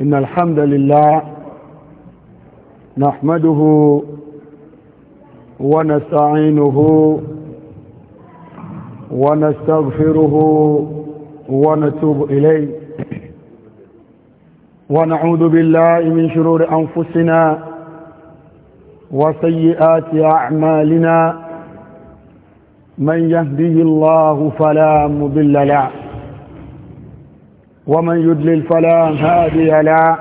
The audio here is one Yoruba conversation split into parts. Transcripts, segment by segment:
إن الحمد لله نحمده ونستعينه ونستغفره ونتوب إليه ونعوذ بالله من شرور أنفسنا وسيئات أعمالنا من يهده الله فلا مضل له ومن يدلل فلا هادي لا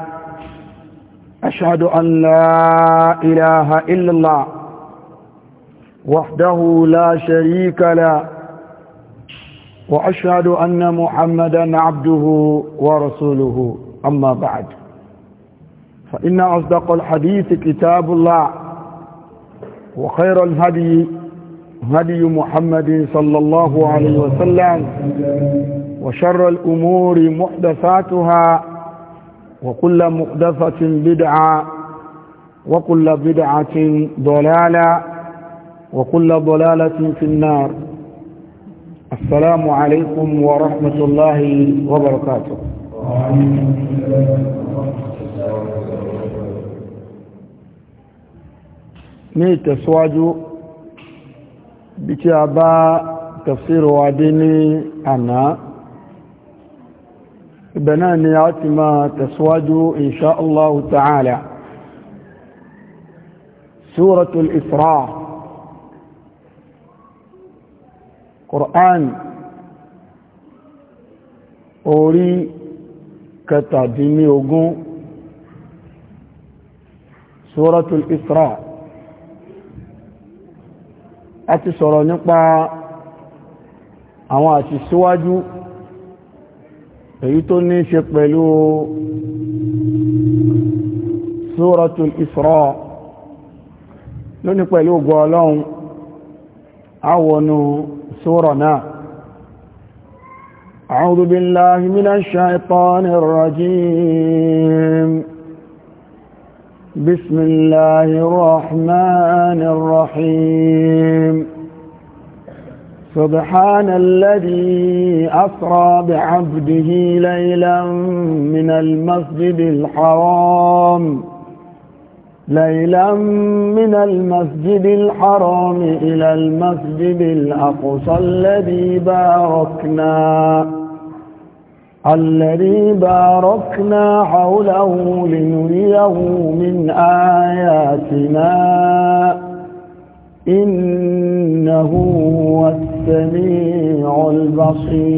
أشهد أن لا إله إلا الله وحده لا شريك له وأشهد أن محمدا عبده ورسوله أما بعد فإن أصدق الحديث كتاب الله وخير الهدي هدي محمد صلى الله عليه وسلم وشر الأمور محدثاتها وكل محدثة بدعة وكل بدعة ضلالة وكل ضلالة في النار السلام عليكم ورحمة الله وبركاته ní ìtẹ̀síwájú bí tí a bá tafsir ní àná ibẹ̀ náà ni a ti máa tẹ̀síwájú insha Allah ta'ala suratul Isra Qur'an orí kẹtàdínní ogún suratul Isra a ti sọ̀rọ̀ nípa àwọn àṣìṣíwájú فيتوني شطلو سورة الإسراء لوني قلو قولون عونو سورنا أعوذ بالله من الشيطان الرجيم بسم الله الرحمن الرحيم سبحان الذي أسرى بعبده ليلا من المسجد الحرام ليلا من المسجد الحرام إلى المسجد الأقصى الذي باركنا الذي باركنا حوله لنريه من آياتنا إنه هو السميع البصير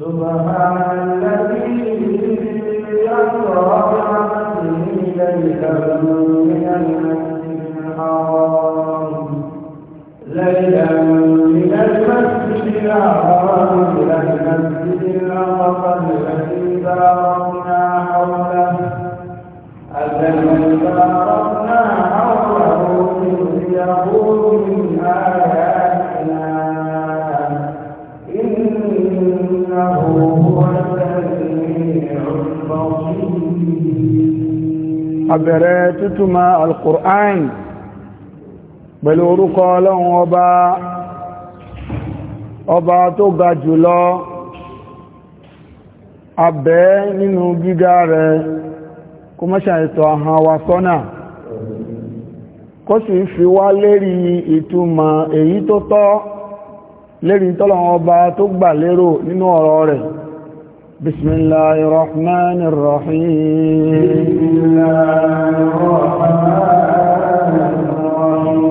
سبحان bẹ̀rẹ̀ tútùmọ̀ alkùrán pẹ̀lú orúkọ ọlọ́run ọba ọba tó ga jùlọ abẹ́ nínú gíga rẹ̀ kó mọ́ṣà ètò àhàn wa sọ́nà kó sì fi wá lérí ìtumọ̀ èyí tó tọ́ lérí ọba tó gbà lérò nínú ọ̀rọ̀ rẹ̀ بسم الله الرحمن الرحيم بسم الله الرحمن الرحيم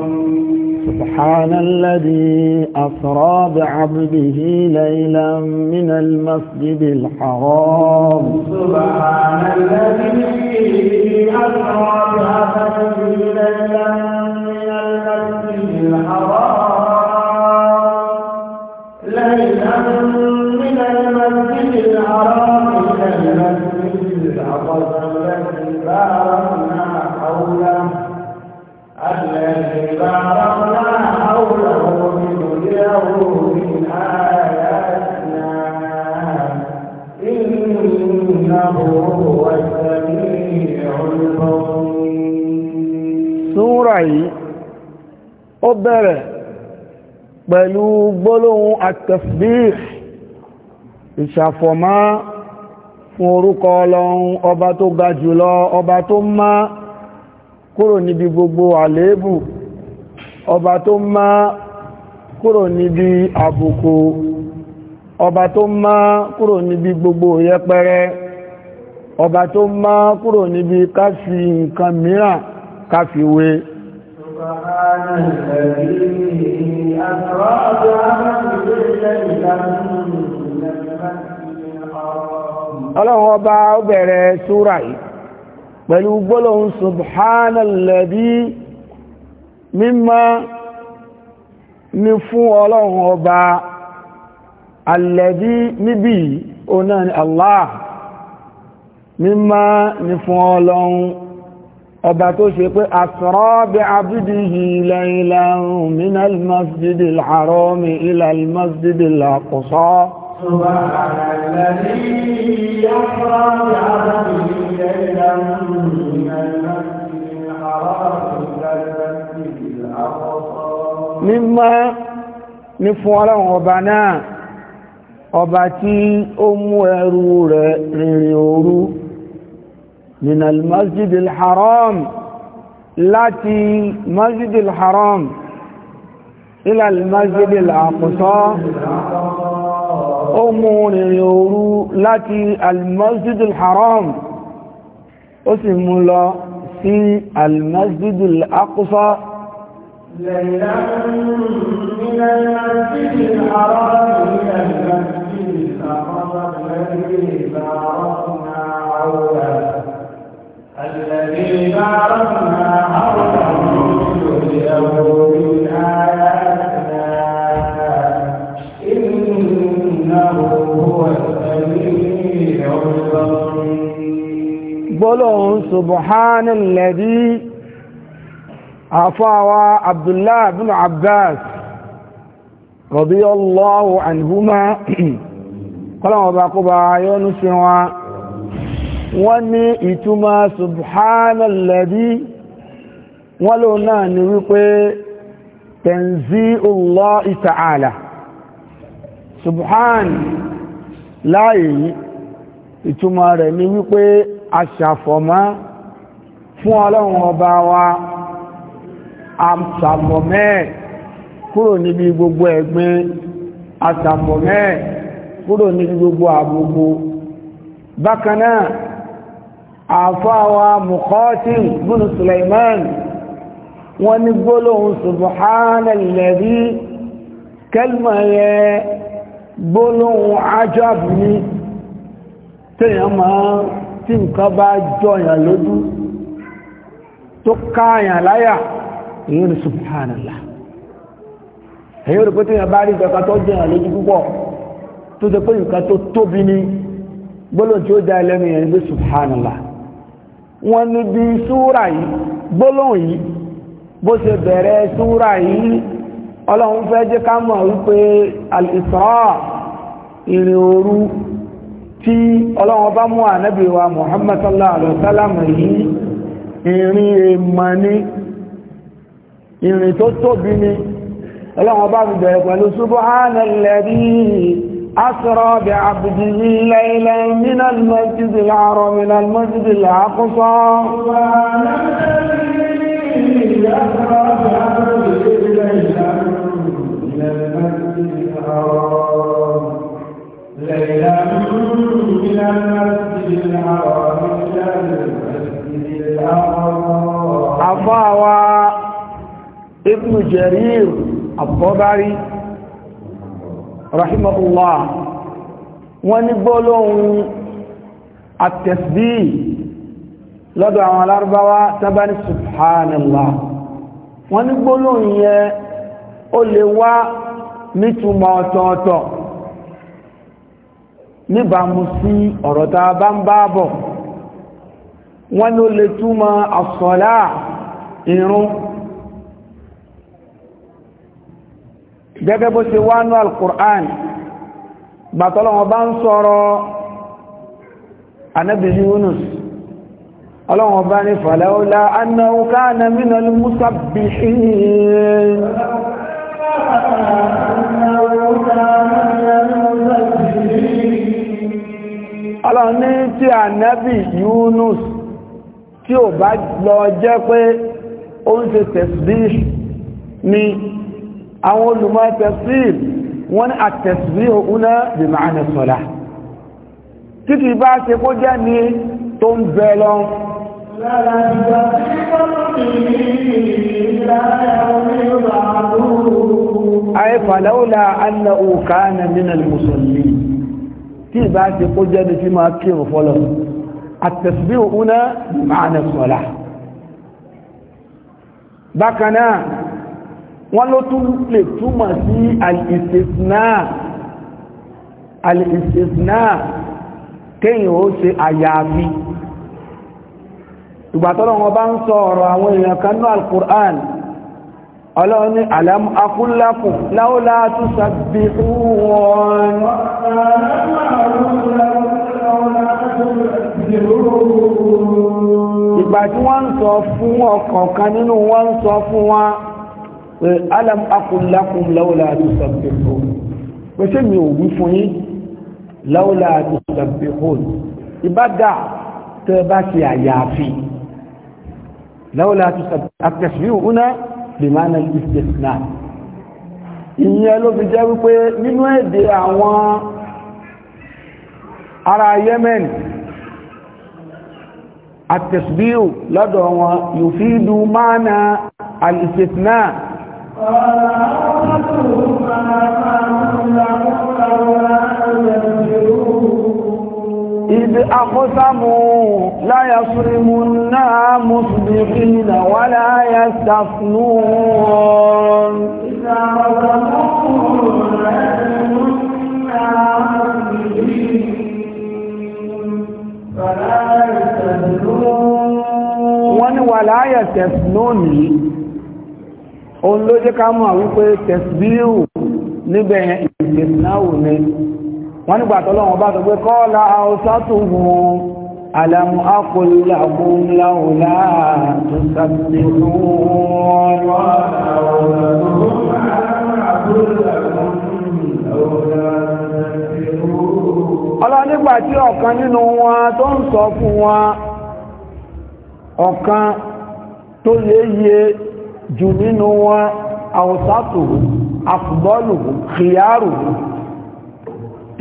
سبحان الذي أسرى بعبده ليلا من المسجد الحرام سبحان الذي أسرى بعبده ليلا من المسجد الحرام ليلا باركنا حوله الذي باركنا حوله لنريه من آياتنا إنه هو السميع البصير سورة ó bẹ̀rẹ̀ pẹ̀lú gbólóhùn àtẹ̀sbíh ìṣàfọ̀mọ́ fún orúkọ ọlọ́run ọba tó ga jùlọ ọba tó máa kúrò níbi gbogbo àléébù ọba tó máa kúrò níbi àbùkù ọba tó máa kúrò níbi gbogbo yẹpẹrẹ ọba tó máa kúrò níbi káfí nǹkan mìíràn káfí wé ọlọ́run ọba ó bẹ̀rẹ̀ súra yìí pẹ̀lú gbólóhùn subhanalladhi mímọ́ ní fún ọlọ́run ọba alladhi níbi ọ̀nà ni Allah mímọ́ ní fún ọlọ́run ọba tó ṣe pé asra bi abdihi laylan min al-masjidil harami ila al-masjidil سبحان الذي يحرى بعبده ليلا من المسجد الحرام إلى المسجد الأقصى مما nífún ọlọ́run ọba náà ọba tí ó mú ẹrú rẹ̀ rìnrìn òru nínú almasjid al-haram láti masjid al-haram ilẹ̀ almasjid al-aqsa ó mú rìnrìn òru láti almasjidul haram ó sì mú lọ sí almasjidul aqsa الذي باركنا حوله لأولي gbólóhùn subhanalladhi àfáwà abdullahi bin abbas radiyallahu anhuma kọ́lọ̀wọ̀ bá kó bá yọ́nú sí wọn wọ́n ní ìtumọ̀ subhanalladhi wọ́n lò náà ni wípé tanzihullahi ta'ala subhan láàyè ìtumọ̀ rẹ̀ ni wípé aṣàfọ̀mọ́ fún ọlọ́run ọba wa aṣàfọ̀mẹ́ kúrò níbi gbogbo ẹ̀gbin aṣàfọ̀mẹ́ kúrò níbi gbogbo àgbogbo bákanáà àfáwa mùkọ́tí bùnú Suleiman wọ́n ní gbólóhùn subhanalladhi kẹlmà yẹ gbólóhùn ajab ni tèèyàn máa tí nǹkan bá jọyàn lójú tó káàyàn láyà èyí rí subhanallah èyí rí pé tí yàn bá rí nǹkan tó jọyàn lójú púpọ̀ tó ṣe pé nǹkan tó tóbi ní gbólóhùn tí ó dá ẹlẹ́nu yẹn gbé subhanallah wọ́n ní bí yìí gbólóhùn yìí bó ṣe bẹ̀rẹ̀ yìí ọlọ́run fẹ́ jẹ́ ká mọ̀ wípé tí ọlọ́wọ́ bá mú ànábì wa Muhammad sallallahu alaihi wasallam yìí ìrìn èèmà ní ìrìn tó tóbi ní ọlọ́wọ́ bá mi bẹ̀rẹ̀ pẹ̀lú subhana alladhi àfáàwà ibn jarir àbọ́bárí rahimahullah wọ́n ní gbólóhùn àtẹ̀sbí lọ́dọ̀ àwọn alárúbáwá tábání subhanallah wọ́n ní gbólóhùn yẹ ó lè wá nítumọ̀ ọ̀tọ̀ọ̀tọ̀ níbàmú sí ọ̀rọ̀ tá a bá ń bá bọ̀ wọ́n ló lè túmọ̀ àsọ̀lá ìrun gẹ́gẹ́ bó ṣe wá ní al bàtọ́lọ́wọ́ bá ń sọ̀rọ̀ anábì Yunus ọlọ́wọ́ bá ní fàlẹ́ọ́lá annáwó káàna mínà lè musabbihin ọlọ́ni tí ànábì Yunus tí ò bá lọ jẹ́ pé ó ń ṣe tẹ̀sbíh ni àwọn olùmọ̀ tẹ̀sbíh wọ́n ní àtẹ̀sbíh òun náà bí máa ní sọ́lá títí bá ṣe kó jẹ́ ní tó ń bẹ lọ ayé fàlọ́wọ́lá annáwó kánà nínú musulmi tí ìbá ṣe kó jẹ́ ní tí máa kírun fọ́lọ̀ àtẹ̀sùbí òun máa sọ̀lá bákanáà wọ́n ló tún lè túmọ̀ sí al-istisna al kéyìn ó ṣe àyàfi ìgbàtọ́lọ̀ wọn bá ń sọ ọ̀rọ̀ àwọn èèyàn kan ní ọlọ́ni alam akúlákùn láúlá tó sàbí wọn ìgbà tí wọ́n ń sọ fún ọ̀kọ̀ọ̀kan nínú wọ́n ń sọ fún wa pé alam akúlákùn láúlá tó sàbí wọn pé mi ò wí fún yín láúlá tó sàbí wọn ìbádà tẹ́ bá ṣe àyàfi láúlá tó sàbí wọn bìmánà ìsìnà ìyẹn ló fi jẹ́ wípé nínú èdè àwọn ará Yemen àtẹ̀sbíò lọ́dọ̀ wọn yóò fi dù mánà àìsìnà ọ̀rọ̀ إذ أقسموا لا يصرمنا مصبحين ولا يستثنون wọ́n ní wà láyẹ̀ tẹ̀sínónì òun ló jẹ́ ká mọ̀ wípé tẹ̀síbíù níbẹ̀ ìgbẹ̀sìnáwò ni wọ́n nígbà tọ́lọ́wọ́n bá sọ pé kọ́ọ̀lá àwọsátùhùn alamu akọlùlàkùn láhùlá tó sàbẹ̀rún ọlọ́ nígbà tí ọ̀kan nínú wọn tó ń sọ fún wọn ọ̀kan tó lè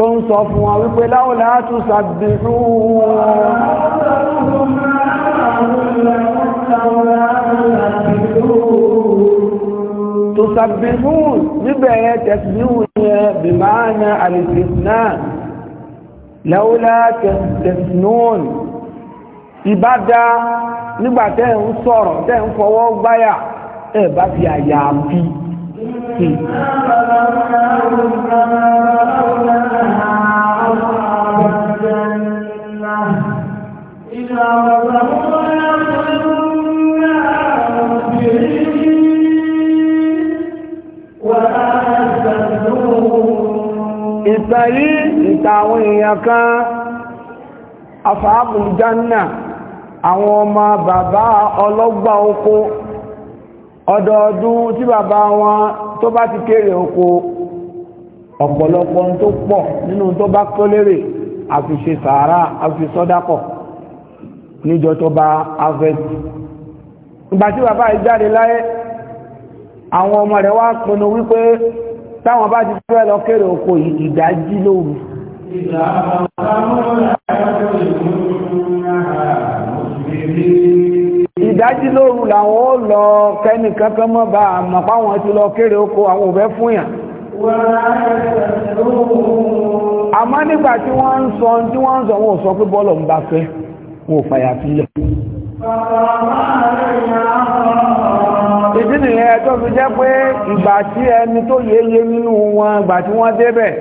tó ń sọ fún wọn wípé láwọ́lá tó sàbìrú tó sàbìrú níbẹ̀rẹ̀ tẹ̀síwò yẹn bí máa ní àlìsìsìnà láwọ́lá tẹ̀sínúòn ìbádá nígbàtẹ́ ń sọ̀rọ̀ tẹ́ ń fọwọ́ gbáyà ẹ̀ bá fi àyà bí i أصحاب الجنة إذا وصلوا ìtàrí ìtàwọn èèyàn kan afáàbùn jánà àwọn ọmọ bàbá ọlọ́gbà oko ọdọọdún tí bàbá wọn tó bá ti kéré oko ọ̀pọ̀lọpọ̀ tó pọ̀ nínú tó bá kó lérè àfiṣe sàárà àfisọ́dápọ̀ níjọ tó bá afẹ́sì ìgbàtí bàbá ìjáde láyé àwọn ọmọ rẹ̀ wá pinnu wípé táwọn bá ti fẹ́ lọ kéré oko ìdájí lóru ìdájí lóru làwọn ó lọ kẹ́nìkankan mọ́ bá àmọ́ páwọn ti lọ kéré oko àwọn òbẹ́ fún yàn àmọ́ nígbà tí wọ́n ń sọ tí wọ́n ń sọ wọn ò sọ pé bọ́ọ̀lù ń bá fẹ́ wọn ò fàyà sílẹ̀ ìdí nìyẹn tó fi jẹ́ pé ìgbà tí ẹni tó yéye nínú wọn ìgbà tí wọ́n débẹ̀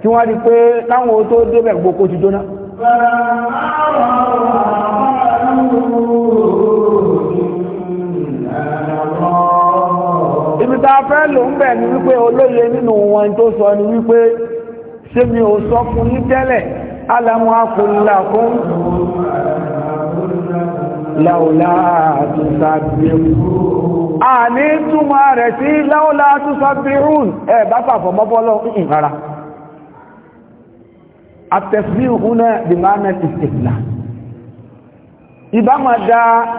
tí wọ́n di pé táwọn tó débẹ̀ gbogbo ti jóná. ta fẹ́ ń bẹ̀ ni wípé olóye nínú wọn tó sọ ni wípé mi ò sọ fún yín tẹ́lẹ̀ alamu akùnlá fún láòlá àtúnṣàbíhùn àní túnmà rẹ̀ sí láòlá àtúnṣàbíhùn ẹ bá pàfọ́ mọ́bọ́lọ́ ìhàrá àtẹ̀síhùn di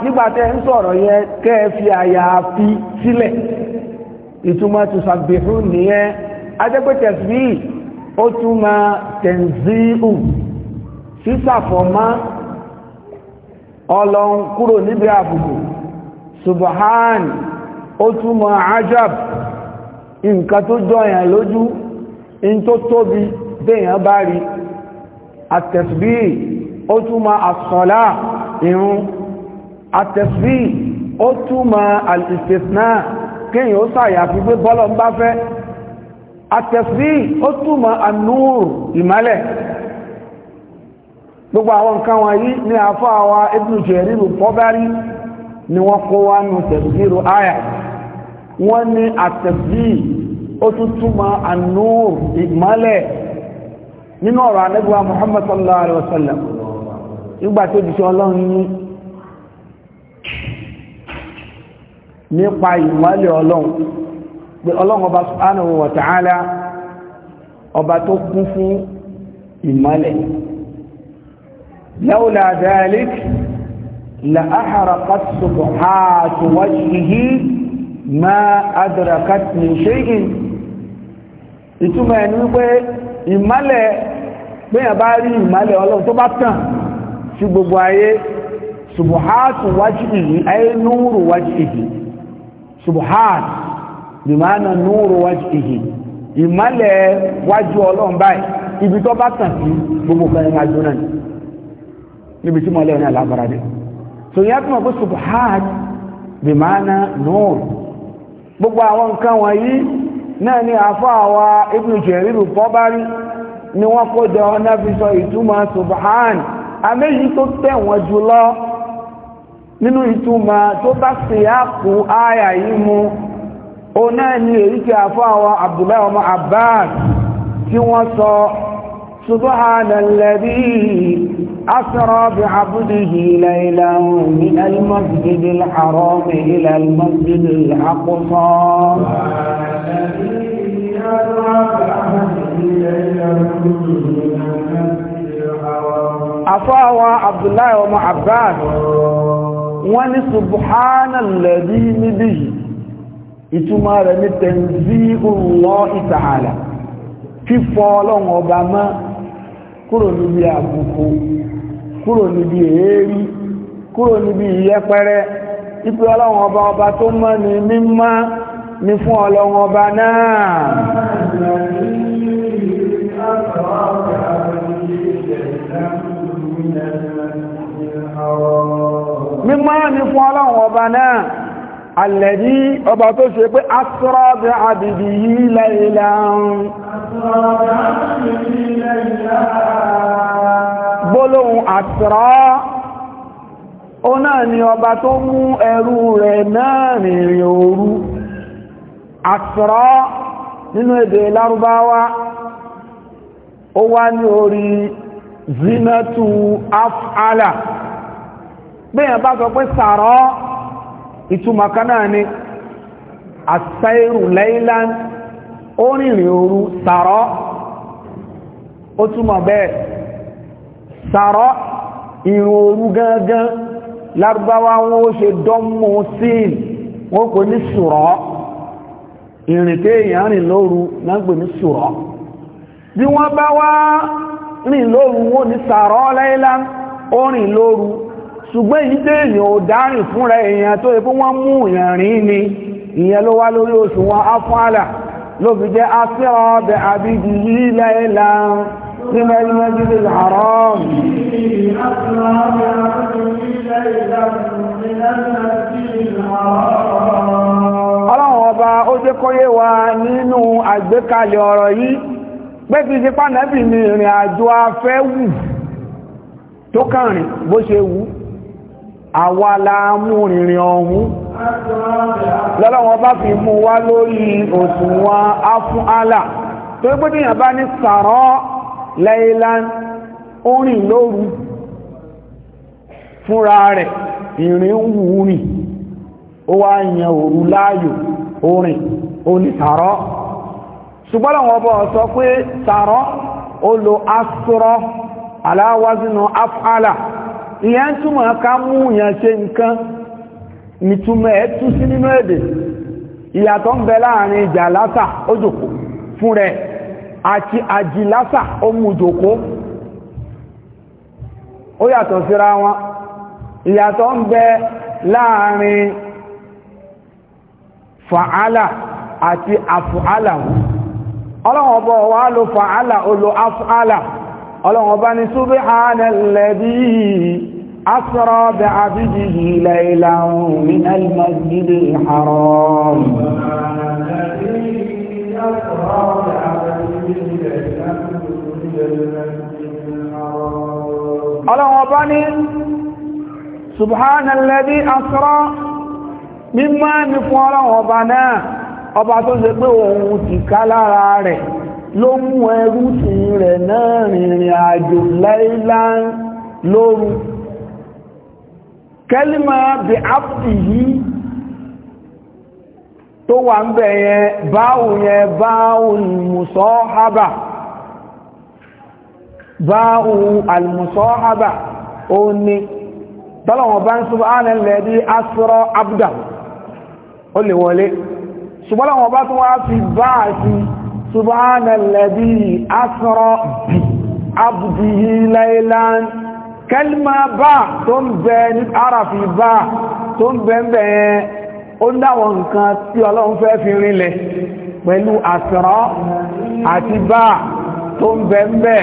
nígbàtẹ́ ń sọ̀rọ̀ yẹ kẹ́ fi ìtumọ̀ tusabbihun nìyẹn ajẹ́pẹ́ tẹ̀sí ó túnmọ̀ tẹ̀síù sísàfọ̀mọ́ ọlọ́run kúrò níbi àbùkù subhan ó túnmọ̀ ajab nǹkan tó jọyàn lójú in tó tóbi bẹ́yàn bá rí àtẹ̀sí ó túnmọ̀ àsọ̀lá ìrun àtẹ̀sí ó túnmọ̀ al-istithna kéèyàn ó sàyàfi pé bọ́lọ̀ ń bá fẹ́ àtẹ̀sí ó túmọ̀ ànúrù ìmálẹ̀ gbogbo àwọn nǹkan wọ̀nyí ní àfọ́ àwa Ibn Jarir al-Tabari ni wọ́n kó wá nù tẹ̀síru àyà wọ́n ní àtẹ̀sí ó tún túmọ̀ ànúrù ìmálẹ̀ nínú ọ̀rọ̀ anẹ́gbà Muhammad sallallahu alaihi wasallam nígbà tó jùsọ ọlọ́run ní nípa ìmọ́lẹ̀ ọlọ́run pé ọlọ́run ọba subhanahu wa ta'ala ọba tó kún fún ìmọ́lẹ̀ lawla dhalik la ahraqat subuhatu wajhihi ma adrakat min shay'in ìtumọ̀ ẹni wípé ìmọ́lẹ̀ gbéyàn bá rí ìmọ́lẹ̀ ọlọ́run tó bá tàn subhan bimana nuru wajihi, ìmọ́lẹ̀ wájú ọlọ́run báyìí ibi tó bá tàn sí gbogbo kan ẹ̀rọ àjò náà níbi tí mọ́lẹ̀ náà lábára dé so yẹ́ tó mọ̀ pé subhan bimana nuru gbogbo àwọn nǹkan wọ̀nyí náà ni àfọ́ àwa ibùdó jẹ̀rìrù pọ́bárí ni wọ́n kó jọ ọ́nà fi sọ ìtumọ̀ subhan amẹ́yìí tó tẹ̀wọ̀n jùlọ nínú ìtumọ̀ tó bá sì ápù áyà yìí mú o náà ni èyí tí a fọ́ àwọn Abdullahi ọmọ Abbas tí wọ́n sọ سبحان الذي أسرى بعبده ليلا من المسجد الحرام إلى المسجد الأقصى أفاوى عبد الله ومعباد wọ́n ní subhanalladhi níbí yìí ìtumọ̀ rẹ̀ ní tanzihullahi ta'ala fífọ́ ọlọ́run ọba mọ́ kúrò níbi àbùkù kúrò níbi èérí kúrò níbi ìyẹpẹrẹ ipò ọlọ́run ọba ọba tó mọ́ ní mímọ́ ní fún ọlọ́run ọba náà mímọ́ ní fún ọlọ́run ọba náà alẹ́dí ọba tó ṣe pé asra bi abdihi laylan gbólóhùn asra ó náà ni ọba tó mú ẹrú rẹ̀ náà rìnrìn òru asra nínú èdè lárúbáwá ó wá ní orí zinatu af'ala bẹ́yàn bá sọ pé sàárọ̀ ìtumọ̀ kan ni àṣàìrù lẹ́ìlán ó rìnrìn òru sàárọ̀ ó túmọ̀ bẹ́ẹ̀ sàárọ̀ ìrìn òru gangan lárúbáwá wọn ó ṣe dọ́mù síl wọ́n kò ní sùrọ̀ ìrìn téèyàn rìn lóru náà gbè ní sùrọ̀ bí wọ́n bá wá rìn lóru wọ́n ní sàárọ̀ lẹ́ìlán ó lóru ṣùgbọ́n èyí tẹ́ èyàn ò dárìn fúnra èyàn tó ipò wọ́n mú èyàn rìn ni ìyẹn ló wá lórí oṣù wọn afọ́nàlà ló fi jẹ́ afẹ́ràn ọbẹ̀ àbídì yìí láìlá nínú ẹlẹ́mẹ́jìdì haram ìrìn àjò afẹ́ wù tó kàrin bó ṣe wù àwa la mú rìnrìn ọ̀hún lọ́lọ́wọ́n bá fi mú wá lórí òṣùwọ̀n afún àlà tó gbódìyàn bá ní sàrọ́ lẹ́ìlán orin lóru fúnra rẹ̀ ìrìn wù rìn ó wá yan òru láàyò orin oní sàrọ́ ṣùgbọ́n àwọn sọ pé sàrọ́ ó lo asúrọ́ aláwázínú afún ìyẹn ń túmọ̀ mú ṣe nǹkan ìtumọ̀ ẹ̀ tú sí nínú èdè ìyàtọ̀ ń bẹ láàrin ìjà lásà ó jòkó fún rẹ̀ àti àjìlásà ó mú jòkó ó yàtọ̀ síra wọn ìyàtọ̀ ń bẹ láàrin fàálà àti àfàálà ọlọ́wọ́n bọ̀ wá lo fàálà ó lo àfàálà ọlọ́wọ́n bá ní أسرى بعبده ليلا من المسجد الحرام ọlọ́wọ́ bá ní subhanalladhi asra mímọ́ ní fún ọlọ́wọ́ bá náà ọba tó ṣe pé òun ti ká lára rẹ̀ ló mú ẹrú sí rẹ̀ náà rìnrìn àjò láìláà lóru kẹ́límà bí áfìhí tó wà ń bẹ̀ yẹn báwù yẹn báwù mùsọ́hábà báwù almùsọ́hábà ó ní tọ́lọ̀wọ̀n bá ń súnmọ́ ánìlẹ̀dí asọ́rọ̀ abdà ó lè wọlé ṣùgbọ́lọ̀wọ̀n bá tún wá fi bá àti súnmọ́ ánìlẹ̀dí asọ́rọ̀ abdìhí láìláńtì kẹlìmà bá tó ń bẹ ní àràfì bá tó ń bẹ ń bẹ yẹn ó ń dáwọn nǹkan tí ọlọ́run fẹ́ fi rinlẹ̀ pẹ̀lú àsìrọ́ àti bá tó ń bẹ ń bẹ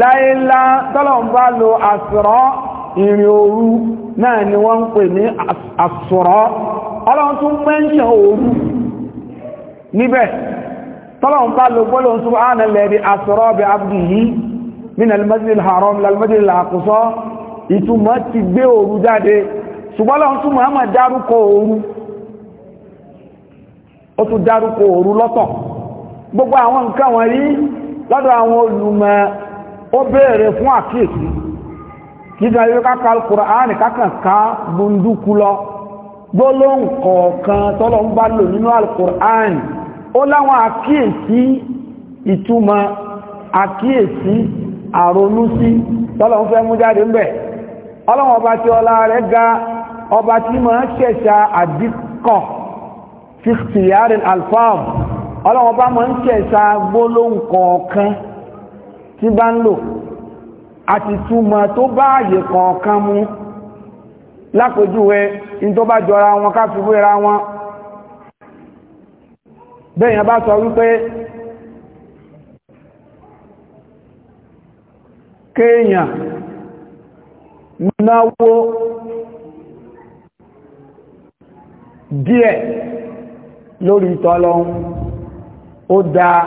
láyélá tọ́lọ̀n bá lo àsìrọ́ ìrìn òru náà ni wọ́n ń pè ní àsìrọ́ ọlọ́run tún mẹ́ṣẹ̀ òru níbẹ̀ tọ́lọ̀n bá lo gbọ́lọ̀ min al-masjid al-haram al al ìtumọ̀ ti gbé òru jáde ṣùgbọ́n lọ́wọ́ tún Muhammad dárúkọ òru ó tún dárúkọ òru lọ́tọ̀ gbogbo àwọn nǹkan wọ̀nyí lọ́dọ̀ àwọn olùmọ̀ ó fún àkíyèsí ayé ká bundúkú lọ gbólóhùn kọ̀ọ̀kan tọ́lọ àrònú sí tọ́lọ́run fẹ́ mú jáde ńbẹ̀ ọlọ́run ọba tí ọlá rẹ̀ ga ọba tí ma ń ṣẹ̀ṣà àdíkọ̀ fífìyàrin alfam ọlọ́run ọba ma ń ṣẹ̀ṣà gbólóhùn kọ̀ọ̀kan tí bá ń lò àti túmọ̀ tó bá àyè kọ̀ọ̀kan mú lápòjúwẹ́ in tó bá jọra wọn ká fi wéra wọn bẹ́yàn bá sọ wípé kenya náwó díẹ̀ lórí tọ́lọ́un ó dáa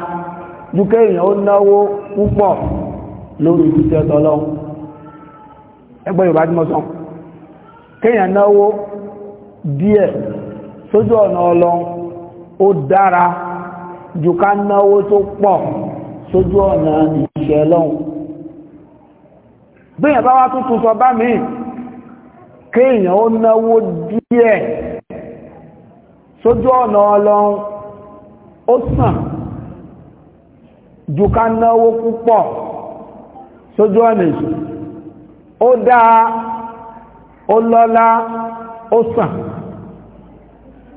ju kéèyàn ó náwó púpọ̀ lórí títẹ́ tọ́lọ́un ẹgbẹ́ Yorùbá tí mo sọ kéèyàn náwó díẹ̀ sójú ọ̀nà ó dára bíyàn bá wá tuntun sọ bá mi kéèyàn ó náwó díẹ̀ sójú ọ̀nà ọlọ́run ó sàn ju ká náwó púpọ̀ sójú ọ̀nà èṣù ó dáa ó lọ́lá ó sàn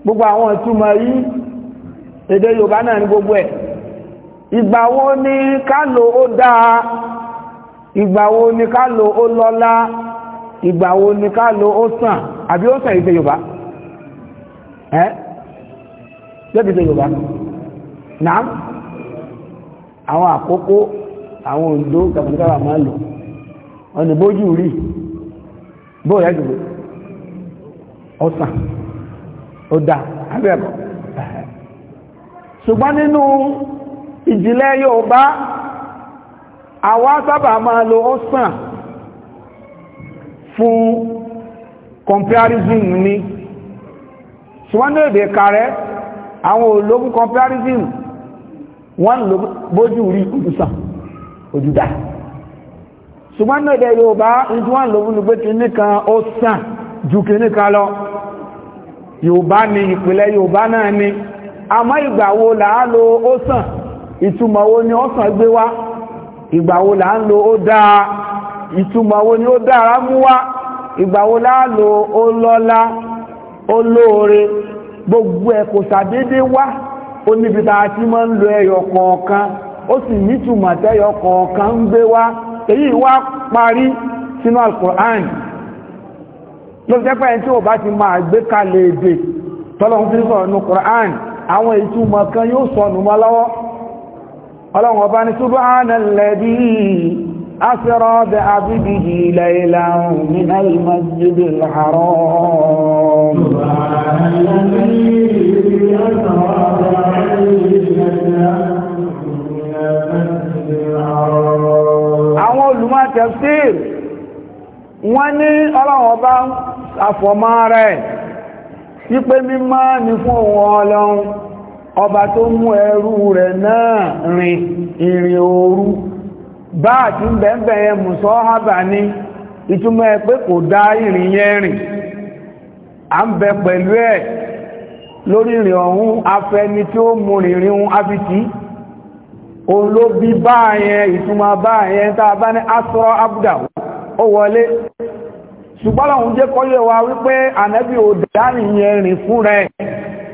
gbogbo àwọn ìtumọ̀ yìí èdè Yorùbá náà ní gbogbo ẹ̀ ìgbà wo ni ká lò ó dáa ìgbà wo ni ká lo ó lọ́lá ìgbà wo ni ká lo ó sàn àbí ó sàn ìṣe yorùbá ẹ́ lẹ́bi ìṣe yorùbá náà àwọn àkókò àwọn òǹdó kàkàkàrà máa lò ọ̀nà bójú rí bóò yẹ́ jùlọ ó dá abẹ́ẹ̀kọ́ ṣùgbọ́n nínú yorùbá àwa sábà máa lo ọ́sàn fún comparison ní ṣùgbọ́n èdè kààrẹ àwọn ológun comparison wọ́n lò bójú rí ojúsàn ojúdá ṣùgbọ́n èdè Yorùbá ní wọ́n lò fún pé kìíní kan ó sàn ju kìíní kan lọ Yorùbá ni ìpìlẹ̀ Yorùbá náà ni àmọ́ ìgbà wo làá lo ó sàn ìtumọ̀ wo ni ó sàn gbé wá ìgbà wo là ń lo ó dáa ìtumọ̀ ni ó dára mú wá lọ́lá ó gbogbo ẹ̀ kò sàdédé wá ó níbi tá a ti máa ń lo ẹyọ kọ̀ọ̀kan ó sì nítumọ̀ tẹ́yọ kọ̀ọ̀kan ń gbé wá èyí wá parí sínú ló tí ò bá kan yóò sọnù mọ́ ọlọ́run ọba ní subhana alladhi asra bi abdihi laylan min al-masjid al-haram àwọn olùmọ̀ tafsir wọ́n ní ọlọ́run ọba àfọ̀mọ́ rẹ̀ wípé mímọ́ ni fún òun ọlọ́run ọba tó mú ẹrù rẹ̀ náà rìn ìrìn òru bá àti bẹ̀ẹ̀bẹ̀ẹ̀ mùsọ́ hábà ní ìtumọ̀ ẹ pé kò dá ìrìn yẹn rìn ń bẹ pẹ̀lú ẹ̀ lórí ìrìn ọ̀hún afẹni tí ó mú rìnrìn ohun afitì olóbi báyẹn ìtumọ̀ báyẹn tá a bá ní asọ́rọ̀ abúdà ó wọlé ṣùgbọ́n àwọn jẹ́ kọ́yẹ̀ wa wípé ànẹ́bí ò dá fún rẹ̀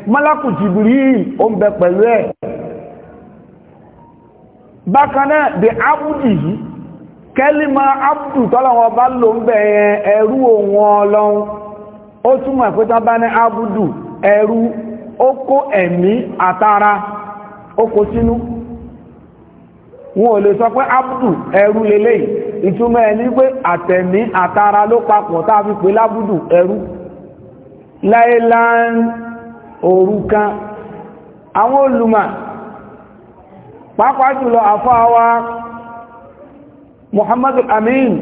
malaku jibril ó ń bẹ pẹ̀lú ẹ̀ bákanáà bí abudu, yìí kẹ́límà abúdù tọ́lọ́wọ́ bá lò ń bẹ̀ ẹ̀rú òun ọlọ́run ó túnmọ̀ pé tán bá ní abúdù ẹ̀rú ó kó ẹ̀mí àtara ó kó sínú wọn ò lè sọ pé abúdù ẹ̀rú lélẹ́yìí ìtumọ̀ ẹ̀ pé àtẹ̀mí àtara ló papọ̀ tá a fi pè lábúdù ẹ̀rú láìláńtì òrukàn àwọn olùmọ̀ pàápàá jùlọ àfáwà muhammadu amin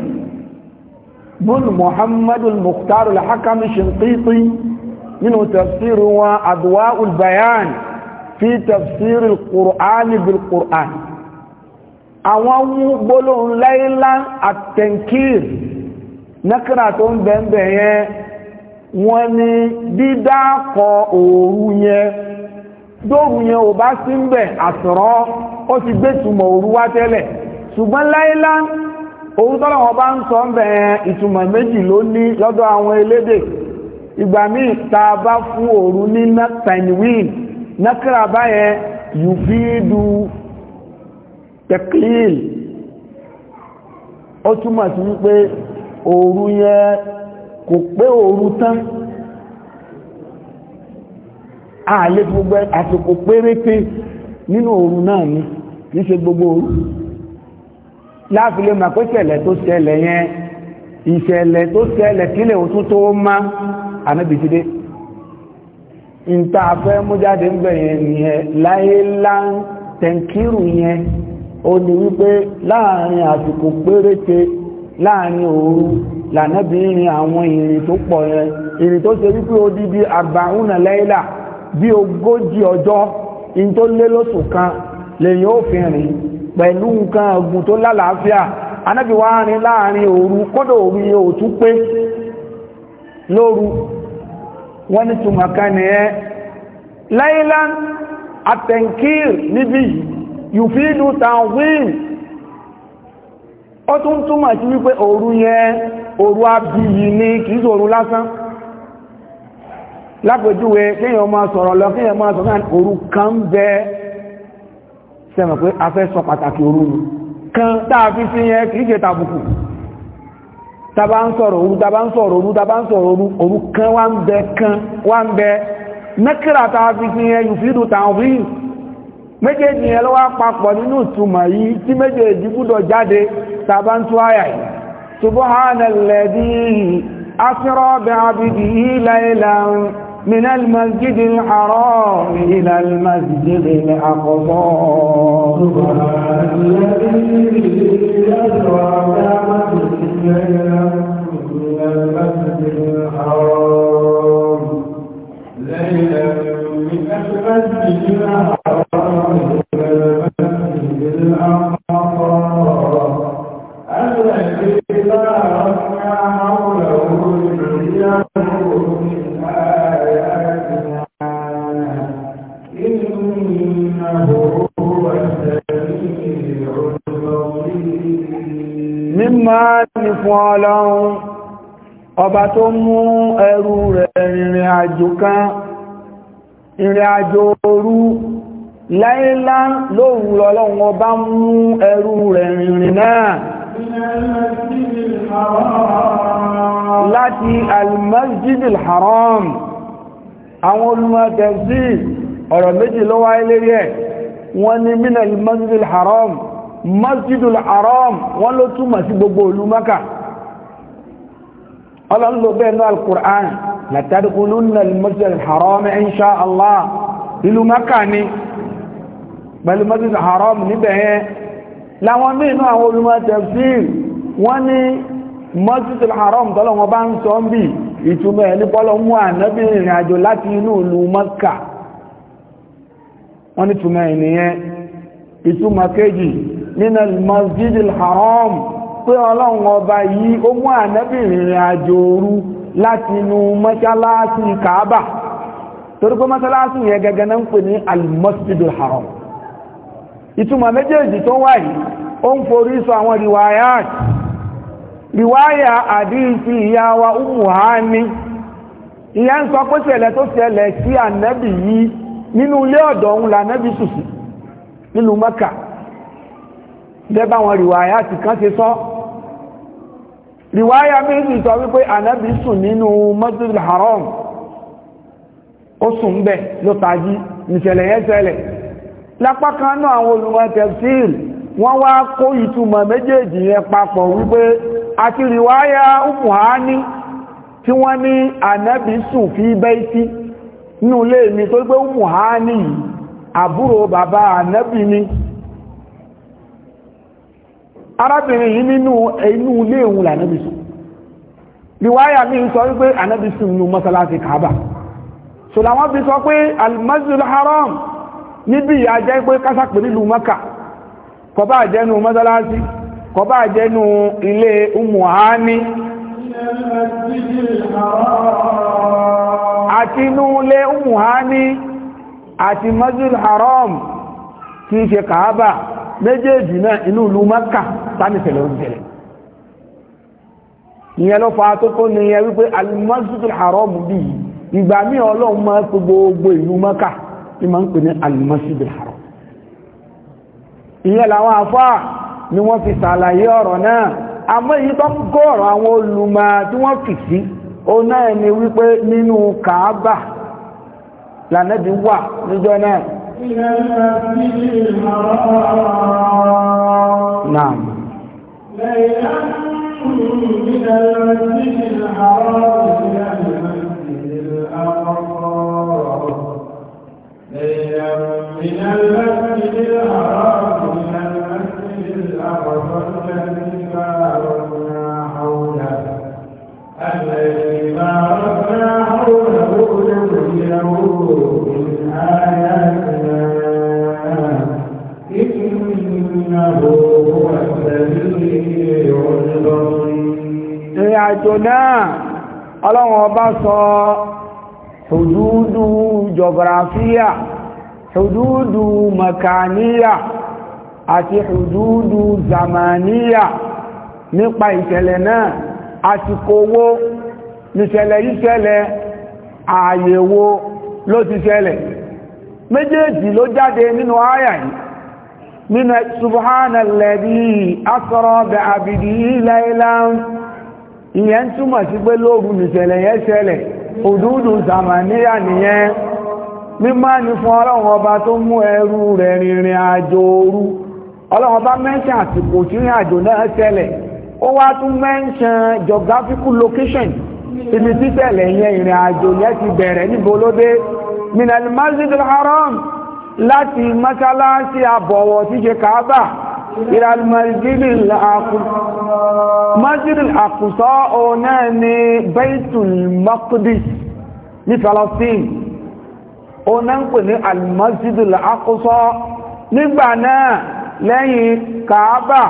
bin muhammadu mukhtar al-hakam shinqiti nínú tafsiru wa adwa ul-bayan fi tafsir al-qur'an bil-qur'an àwọn mú gbólóhùn láìlá àtẹ̀kìr nákìrà tó ń bẹ̀ẹ̀ yẹn wọ́n ní dídákọ òru yẹn dóòrù yẹn ò bá sí ń bẹ̀ àtọ̀rọ̀ ó ti gbé túmọ̀ òru wá tẹ́lẹ̀ ṣùgbọ́n láílá òun tọ́lọ̀wọ́ bá ń sọ ń méjì ló ní àwọn elédè ìgbà míì ta bá fún òru ní tanwin nakra báyẹn yufidu teklil ó túmọ̀ sí wípé kò pé òru tán ààlé gbogbo àsìkò péréte nínú òru náà ni kì í ṣe gbogbo òru láàfilé màkó ṣẹlẹ̀ tó ṣẹlẹ̀ yẹn ìṣẹ̀lẹ̀ tó ṣẹlẹ̀ kílẹ̀ òtún tó má ànábìsídé ìta afẹ́ mú jáde ń bẹ̀rẹ̀ yẹn láyélá tẹ̀ǹkírù yẹn ó ní wípé láàrin àsìkò péréte láàrin òru lànàbìnrin àwọn ìrìn tó pọ̀ yẹn ìrìn tó ṣe wípé odidi àbáhùnà lẹ́yìnlá bí ogójì ọjọ́ in tó lé lóṣù kan lèyìn ó fi rìn pẹ̀lú nǹkan ọ̀gùn tó lálàáfíà anábì wá rìn láàrin òru kọ́dọ̀ òru yẹ ò tún pé lóru wọ́n ní tùmọ̀ká ni ẹ́ lẹ́yìnlá àtẹ̀ǹkìr níbi yùfídù tàwíìn ó tún túnmọ̀ sí wípé òru yẹn òru abìyì ní kìí sòrò lásán lápẹjúwe kíyàn máa sọ̀rọ̀ lọ kíyàn máa sọ̀rọ̀ náà òru kan ń bẹ sẹ́mọ̀ pé a fẹ́ sọ pàtàkì òru ni kan táà fi sí yẹn kìí ṣe tàbùkù tàbá ń sọ̀rọ̀ oru, tàbá ń sọ̀rọ̀ òru tàbá ń sọ̀rọ̀ òru òru kan wá ń bẹ kan wá ń bẹ mẹ́kìrà táà fi sí yẹn yùfídù tàà méjèèjì yẹn lọ́wọ́ papọ̀ nínú ìtumọ̀ yìí tí méjèèjì gbúdọ̀ jáde tàbá ń tó àyà yìí subhanalladhi asra bi abdihi laylan min al-masjid al-haram ila al-masjid al-aqsa subhanalladhi asra bi abdihi laylan min al-masjid al-haram laylan min al-masjid al máa ní fún ọlọ́run ọba tó mú ẹrú rẹ̀ rìnrìn àjò kan ìrìn àjò òru láìlá lóòrù ọlọ́run ọba mú ẹrú rẹ̀ rìnrìn náà láti almasjidil haram àwọn olùmọ̀tẹ̀sí ọ̀rọ̀ méjì ló wáyé lérí wọ́n ní mínà almasjidil haram masjidul haram wọ́n ló túmọ̀ sí gbogbo ìlú maka ọlọ́run ló bẹ́ẹ̀ ní al-Qur'an latadkhulunna al-masjidal haram insha Allah ìlú maka ni pẹ̀lú masjidul haram níbẹ̀ yẹn láwọn mìíràn àwọn olùmọ̀ tafsir wọ́n ní masjidul haram tọ́lọ̀ wọn bá ń sọ ń bì ìtumọ̀ ẹ̀ mú ànábì ìrìn láti inú ìlú maka wọ́n ní túmọ̀ ìtumọ̀ kejì nínú masjid al-haram pé ọlọ́run ọba yìí ó mú ànábì àjò òru láti inú kaaba torí pé mọ́ṣáláṣí gẹ́gẹ́ náà al haram ìtumọ̀ méjèèjì tó wà yìí ó ń forí sọ àwọn riwayat riwaya àdíìsí ìyá ìyá ń sọ pé tó dẹ́bà wọn rìwáyà ti kán ti sọ rìwáyà méjì sọ wípé ànábì sùn nínú masjidil haram ó sùn bẹ̀ ló tají ìṣẹ̀lẹ̀ yẹn ṣẹlẹ̀ lápá kan náà àwọn olùmọ̀ tafsir wọ́n wá kó ìtumọ̀ méjèèjì yẹn papọ̀ wípé àti rìwáyà Ummuhani tí wọ́n ní ànábì sùn fi bayti nínú ilé mi tó gbé àbúrò bàbá ni arábìnrin yìí nínú inú ilé òun lànàbì sùn riwaya mi sọ wípé ànàbì sùn nínú mọ́sálásí kaaba sọlàwọ́n fi sọ pé almasjidul haram níbi ìyá jẹ́ pé kásàpẹ̀ nílùú maka kọba àjẹnu mọ́sálásí kọba àjẹnu ilé umuhani àti inú ilé umuhani àti mazul haram tí í ṣe kàábà méjèèjì náà inú ìlú maka sáníṣẹ̀lẹ̀ oúnjẹ̀lẹ̀ ìyẹn ló fa tó ní ẹ wípé bí ìgbà mí ọlọ́run máa gbogbo ìlú ní ma ń pè ní al-masjidul ìyẹn làwọn àfáà ni wọ́n fi sàlàyé ọ̀rọ̀ náà àmọ́ fi sí wípé nínú kàábà wà إلى المسجد الحرام نعم ليلا من المسجد الحرام إلى المسجد الأقصى ليلا من المسجد الحرام إلى المسجد الأقصى الذي باركنا حوله الذي باركنا ọlọ́run ọba sọ hududu jọgọrafíà hududu makaniya àti hududu zamaniya nípa ìṣẹ̀lẹ̀ náà àsìkò wo nìṣẹ̀lẹ̀ yìí ṣẹlẹ̀ ààyè wo ló ti ṣẹlẹ̀ méjèèjì ló jáde nínú àyà yìí nínú subhanalladhi asra bi abdihi laylan ìyẹn túmọ̀ sí pé lóòrùn nìṣẹ̀lẹ̀ yẹn ṣẹlẹ̀ òdúdù sàmàníyà nìyẹn mímọ́ ni fún ọlọ́run ọba tó mú ẹrú rẹ̀ rìnrìn àjò òru ọlọ́run ọba mẹ́ṣẹ̀ àsìkò tí rìn àjò náà ṣẹlẹ̀ ó wá tún mẹ́ṣẹ̀ geographical location ibi títẹ̀lẹ̀ yẹn ìrìn àjò yẹn ti bẹ̀rẹ̀ níbo ló dé masjid al haram láti mọ́ṣáláṣí àbọ̀wọ̀ tí ṣe kàábà ìrànlẹ̀ masjid al-Aqsa ọ̀nà ni Baitul Maqdis ní Palestine ọ̀nà ń pè ní al-Masjid al-Aqsa nígbà náà lẹ́yìn Kaaba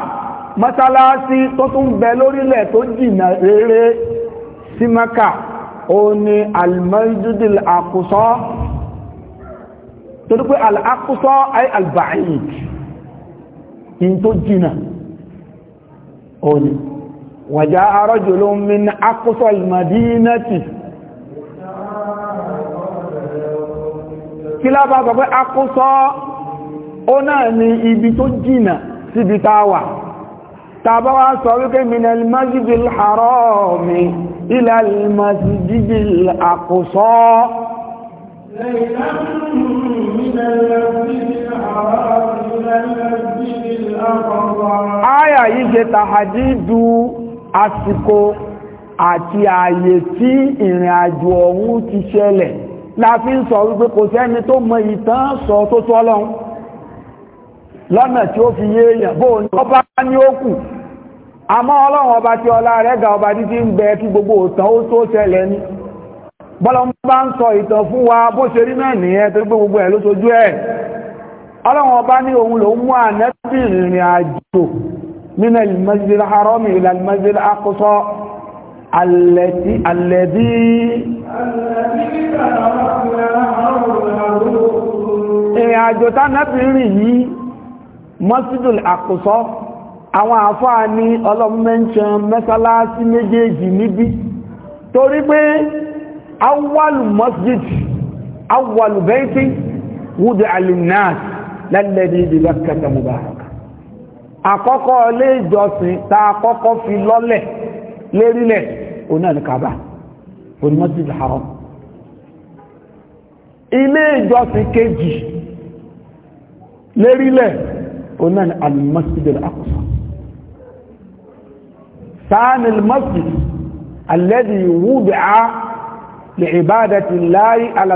mọ́sálásí tó tún bẹ lórílẹ̀ tó jìnà rere sí Maka ọ̀nà al-Masjid torípé al-Aqsa ay al من قولي وجاء رجل من أقصى المدينة كلا بابا بي أقصى أناني إبي تجينا سيبي تاوى تابوا صوتك من المسجد الحرام إلى المسجد الأقصى ليلة من المسجد الحرام إلى المسجد Aya yìí ṣe tàhàdídù àsìkò àti ààyè tí ìrìn àjò ọ̀hún ti ṣẹlẹ̀. Láfí ń sọ wípé kò sẹ́ni tó mọ ìtàn sọ tó tọ́lọ́un. Lọ́nà tí ó fi yé èèyàn bóò ní ọba ní ó kù. Àmọ́ ọlọ́run ọba tí ọlá rẹ̀ ga ọba títí ń bẹ kí gbogbo òtàn ó tó ṣẹlẹ̀ ni. Bọ́lọ́n bá ń sọ ìtàn fún wa bó ṣe rí náà nìyẹn torí gbogbo ẹ̀ ló ẹ̀ ọlọ́run ọba ní òun ló mú ànẹ́bì ìrìn àjò nínú al-masjid al-haram ila al-masjid al-aqsa alẹ́dí ìrìn àjò tánẹ́bì rìn yìí masjid al-aqsa àwọn àfáà ní ọlọ́mẹ́ńṣẹ́ mẹ́sálásí méjèèjì níbi torí pé awwalu masjid awwalu bayti wudi'a lin lẹ́lẹ́dí ìdìbò kẹta mubarak àkọ́kọ́ ilé ìjọsìn tá a kọ́kọ́ fi lọ́lẹ̀ lérílẹ̀ oní àníkàbà onímọ́sí haram ilé ìjọsìn kejì lérílẹ̀ oní ànímọ́sí al-Aqsa sáàni al-masjid alladhi wudi'a li'ibadati llahi ala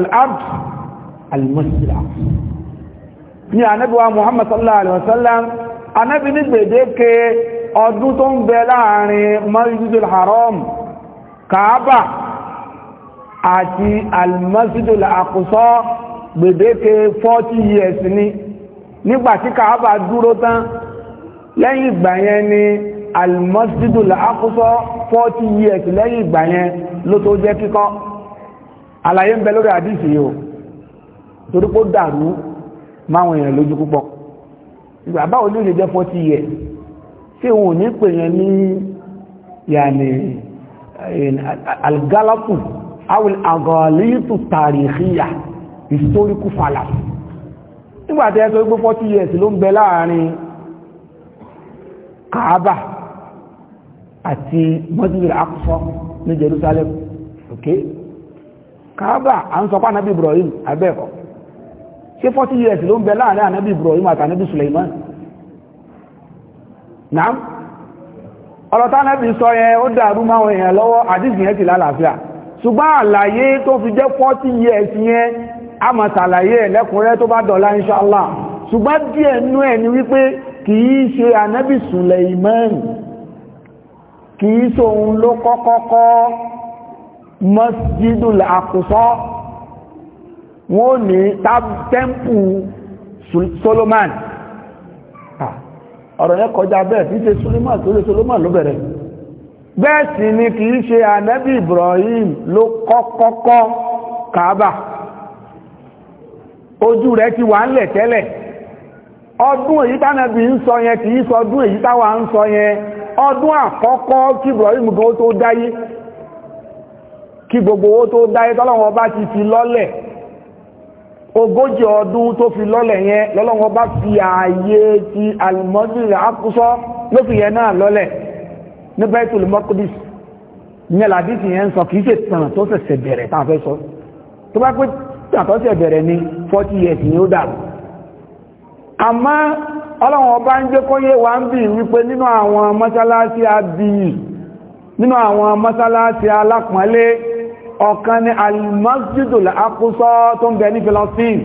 ní ànábíwá Muhammad sallallahu alaihi wasallam ànábí ní gbèdéke ọdún tó ń bẹ láàrin masjidul haram kaaba àti almasjidul aqsa gbèdéke 40 years ni nígbàtí kaaba dúró tán lẹ́yìn ìgbà yẹn ni almasjidul aqsa 40 years lẹ́yìn ìgbà yẹn ló tó jẹ́ kíkọ́ àlàyé ń bẹ lórí àdísì o torípó dàrú máwọn èèyàn lójú púpọ̀ ìgbà báwo ló lè jẹ́ 40 years tí òun ò ní pè yẹn ní yàní algalapu awil agọ̀ọ̀lẹ́yìntù tàríhíyà historical fallacy nígbà tí ẹ sọ pé 40 years ló ń bẹ láàrin kaaba àti mọ́sílẹ̀ akọ́sọ́ ní Jerusalem ok kaaba à ń sọ pé Ànábì Ibrahim abẹ́ẹ̀kọ́ ṣé forty years ló ń bẹ láàrin ànábì Ibrahim àti ànábì Suleiman náà ọlọ́tà ànábì sọ yẹn ó dàrú máwọn èèyàn lọ́wọ́ àdìsí yẹn ti lálàáfíà ṣùgbọ́n àlàyé tó fi jẹ́ forty years yẹn a máa ṣàlàyé ẹ̀ lẹ́kùnrẹ́ tó bá dọ̀la inṣọ́lá ṣùgbọ́n díẹ̀ nú ẹ̀ ni wípé kìí ṣe ànábì Suleiman kìí ṣe òun ló kọ́kọ́kọ́ Masjidul Aqsa wọ́n ní tẹ́ḿpù Solomon ah, ọ̀rọ̀ yẹn kọjá bẹ́ẹ̀ kìí ṣe Solomon tó lè Solomon ló bẹ̀rẹ̀ bẹ́ẹ̀ sì ni kìí ṣe Ànábì Ibrahim ló kọ́kọ́kọ́ Kaaba ojú rẹ̀ ti wà ń lẹ̀ tẹ́lẹ̀ ọdún èyí tánàbí ń sọ yẹn í sọ ọdún èyí táwa ń sọ yẹn ọdún àkọ́kọ́ kí Ibrahim gan tó dáyé kí gbogbo owó tó dáyé tọ́lọ́wọ́ bá ti fi lọ́lẹ̀ ogójì ọdún tó fi lọ́lẹ̀ yẹn lọ́lọ́wọ́ bá fi ààyè ti Al-Masjid Al-Aqsa ló fi yẹn náà lọ́lẹ̀ ní Baitul Maqdis ìyẹn làdísì yẹn ń sọ kìí ṣe tàn tó ṣẹ̀ṣẹ̀ bẹ̀rẹ̀ tá a fẹ́ sọ tó bá pé tàn tó ṣẹ̀ bẹ̀rẹ̀ ni 40 years ni ó dàrú àmọ́ ọlọ́wọ́n ọba ń jẹ́ kóyé wa ń bì wípé nínú àwọn mọ́sálásí abiyì nínú àwọn mọ́sálásí alápọ̀nlé ọ̀kan ni almasjidul aqsa tó ń bẹ ní Palestine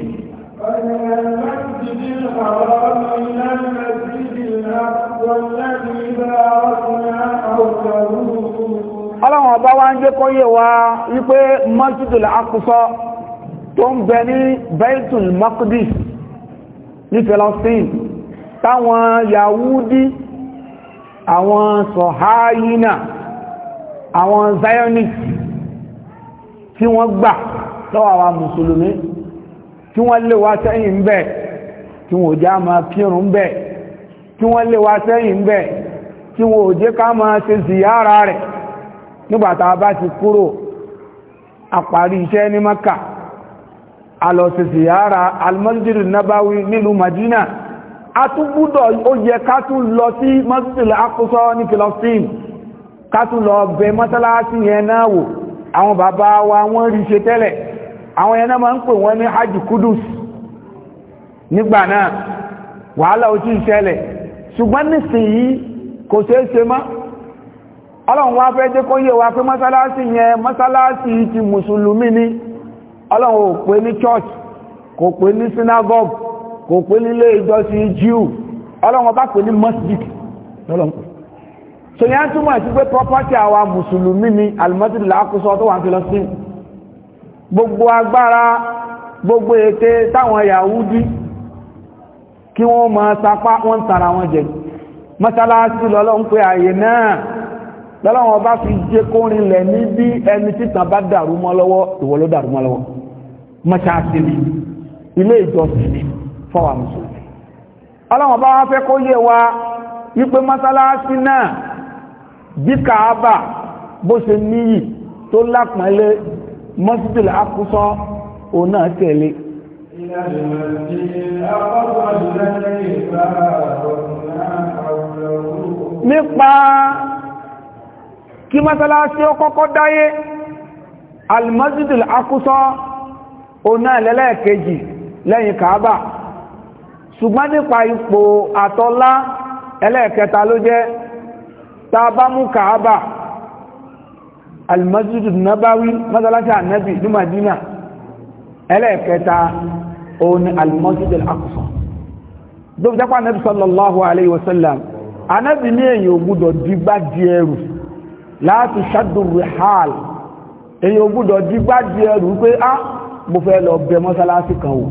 ọlọ́run ọba wá ń jẹ́ kó yé wa wípé masjidul aqsa tó ń bẹ ní baitul maqdis ní Palestine táwọn yahudi àwọn sọ̀háyínà àwọn zionist tí wọ́n gbà lọ́wọ́ àwa mùsùlùmí tí wọ́n lé wa sẹ́yìn bẹ́ẹ̀ tí wọ́n ò já máa kírun bẹ́ẹ̀ tí wọ́n lé wa sẹ́yìn bẹ́ẹ̀ tí wọ́n ò jẹ́ ká máa ṣe ziyara rẹ̀ nígbàtà bá ti kúrò àparí iṣẹ́ ní Maka alọ ziyara almasjidu nabawi nílùú Madina a tún gbúdọ̀ ó yẹ ká tún lọ sí masjidul Aqsa ní Filistin ká tún lọ bẹ mọ́sálásí yẹn náà wò àwọn bàbá wa wọ́n rí ṣe tẹ́lẹ̀ àwọn ẹ̀nà máa ń pè wọ́n ní hajj kudus nígbà náà wàhálà ó ti ṣùgbọ́n nísìnyí kò é ṣe mọ́ ọlọ́run wá fẹ́ jẹ́ kó yé wa pé mọ́sálásí yẹn ti mùsùlùmí ni ọlọ́run ò ní church kò so yẹn túmọ̀ sí pé property àwa mùsùlùmí ni alimọ́tìlì làákùsọ tó wà ń fi lọ sí gbogbo agbára gbogbo ète táwọn Yahudi kí wọ́n máa sapá wọ́n tara wọn jẹ mọ́sálásí lọ́lọ́ ń pè ààyè náà lọ́lọ́wọ́n bá fi jẹ́ kó rinlẹ̀ ní bí ẹni títàn bá dàrú mọ́ lọ́wọ́ ìwọ ló dàrú mọ́ lọ́wọ́ mọ́sálásí ni ilé ìjọsìn ni fọwọ́ mùsùlùmí ọlọ́wọ́n bá wá fẹ́ kó yé wa wípé mọ́sálásí náà bí kàábà bó ṣe níyì tó lápọ̀nlé mọ́sídìl akúsọ́ òun náà tẹ̀lé nípa kí mọ́sálásí ó kọ́kọ́ dáyé almasjidul akúsọ́ òun náà lẹ́lẹ́ẹ̀kejì lẹ́yìn kàábà ṣùgbọ́n nípa ipò àtọ́lá ẹlẹ́ẹ̀kẹta ló jẹ́ tá bá mú kàábà almasjid nabawi mọ́sálásí ànábì ní madina ẹlẹ́ẹ̀kẹta òun almasjid al-aqsa dókè jápá ànábì sallallahu alayhi wa sallam ànábì ní èyàn ògbúdọ̀ dígbà di ẹrù láti ṣaddu rihal èyàn ògbúdọ̀ dígbà di ẹrù pé á ah, mo fẹ́ lọ bẹ mọ́sálásí kan wò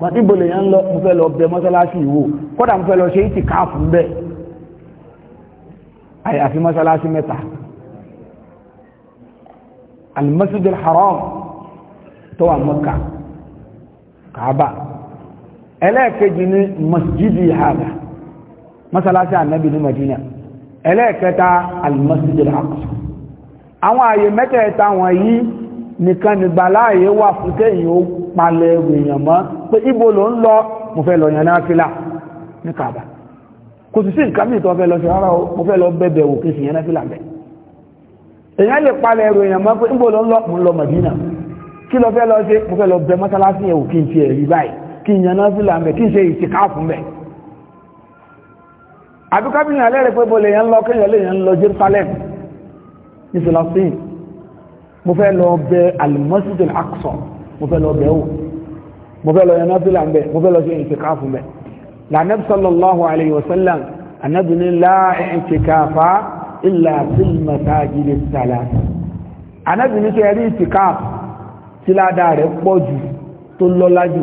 wọ́n tí bolè yẹn lọ mo fẹ́ lọ bẹ mọ́sálásí ìwò kódà mo fẹ́ lọ ṣe ìtìkáàfù bẹ́ẹ̀ àyàfi mọ́sálásí mẹ́ta almasjidul haram tó wà mọ́kà kaaba ẹlẹ́ẹ̀kejì ní masjidi hada mọ́sálásí ànábì ní madina ẹlẹ́ẹ̀kẹta almasjidul aqsa àwọn àyè mẹ́tẹ̀ẹ̀ta wọn yìí nìkan nìgbà láàyè wà fún kéyìn ó palẹ̀ èèyàn mọ́ pé ibo ló ń lọ mo fẹ́ lọ yàn náà fílà ní kaaba kò sì sí nǹkan mìí tó fẹ́ lọ sí rárá o mo fẹ́ lọ bẹ̀bẹ̀ wò kí sìyẹn náfìlà bẹ̀ èyàn lè palẹ̀ ẹ̀rọ èèyàn mọ́ pé ń bò lọ lọ mo lọ Mádínà kí lọ fẹ́ lọ sí mo fẹ́ lọ bẹ mọ́sálásí ẹ̀wò kí n ti ẹ̀rí báyìí kí n yan náfìlà bẹ̀ kí n lànàbí sallallahu alayhi wa sallam anabi ni láàrin tìkàfà ilà fílmẹ̀tà ìdí sàlá anabi ni sọ ẹ̀rí tìkàf tí ládàá rẹ̀ pọ̀ jù tó lọ́lá jù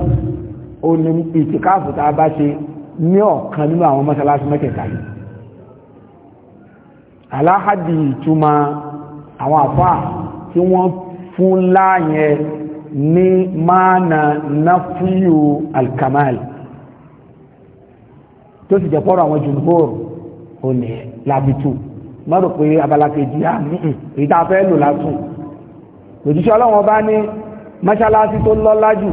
ó ní ìtìkàfù tá a bá ṣe ní ọ̀kan nínú àwọn mọ́sálásí mẹ́tẹ̀ẹ̀ta yìí aláhàdì ìtumọ̀ àwọn àfáà tí wọ́n fún láàyẹn ní máàna náfíù alkamal tó sì jẹ́ pọ́rọ̀ àwọn jùmọ̀ọ́rù ò ní làbìtù má rò pé abala kejì á nìyí èyí tá a fẹ́ lò látùn òjíṣẹ́ ọlọ́wọ́n bá ní mọ́ṣáláṣí tó lọ́lá jù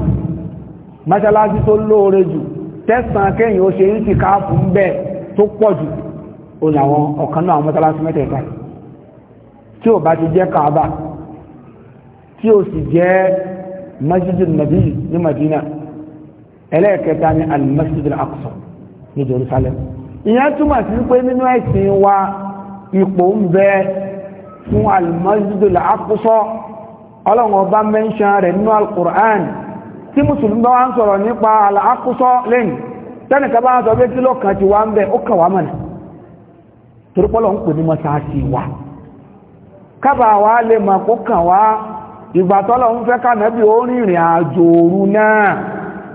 mọ́ṣáláṣí tó lóore jù tẹ́sàn kẹ́yìn ó ṣe ń ti káàfù ń bẹ́ tó pọ̀ jù ó làwọn ọ̀kan náà àwọn mọ́ṣáláṣí mẹ́tẹ̀ẹ̀ta tí ò bá ti jẹ́ Kaaba tí ó sì jẹ́ masjidul nabi ní Madina ẹlẹ́ẹ̀kẹta ní al-masjidul ní Jerusalem ìyẹn túmọ̀ sí pé nínú ẹ̀sìn wa ipò ń bẹ fún al-Masjidul Aqsa ọlọ́run ọba mẹ́ńṣán rẹ̀ nínú al-Qur'an tí mùsùlùmí bá wá ń sọ̀rọ̀ nípa al-Aqsa lẹ́yìn tẹ́nìkan bá ń sọ pé kí ló kàn ti wá ń bẹ ó kàn wá mọ̀nà torí pé ń pè ní mọ́sáàsì wa kábà wá lè mọ̀ kó kàn wá ìgbà tọ́lọ́run ń fẹ́ kànábì ó rìnrìn àjò òru náà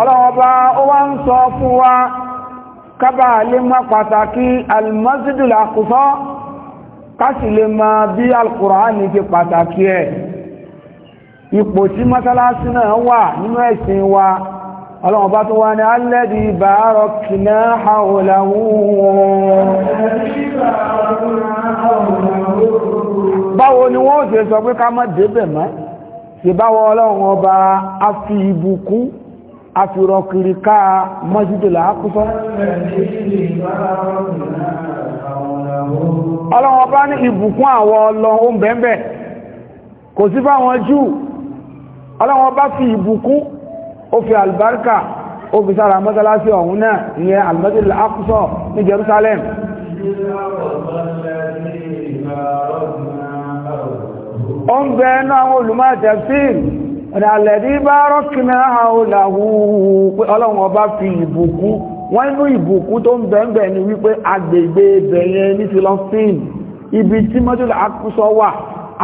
ọlọ́wọ́bá ó wá ń sọ fún wa kábà lè mọ́ pàtàkì almasjidul akúsọ́ kásì lè ma bí alkùránì ti pàtàkì ẹ̀ ipò tí mọ́sálásí náà wà nínú ẹ̀sìn wa ọlọ́run bá tó wá ní alẹ́dì bàárọ̀ kìnà àwòlàwò báwo ni wọ́n ṣe sọ pé ká má débẹ̀ mọ́ sí báwo ọlọ́run ọba a fi ìbùkún a fi rọ kiri ká mọ́sídìlá kúsọ́ ọlọ́run ọba ní ìbùkún àwọ ọlọ́run bẹ̀m̀bẹ̀ kò sí fáwọn jù ọlọ́run ọba fi ìbùkún ó fi albarka ó fi sára mọ́sálásí ọ̀hún náà ìyẹn al-Masjid al-Aqsa ní Jerusalem ó ń bẹ ẹnu àwọn olùmọ̀ tafsir ọ̀dàlẹ̀dí bá rọ́kìnà àwòlàwò ọlọ́run ọba fi ìbùkún wọ́n inú ìbùkún tó ń bẹ̀ẹ̀bẹ̀ ni wípé agbègbè bẹ̀yẹn ní Philippines ibi tí mọ́jọ́lá akúsọ wà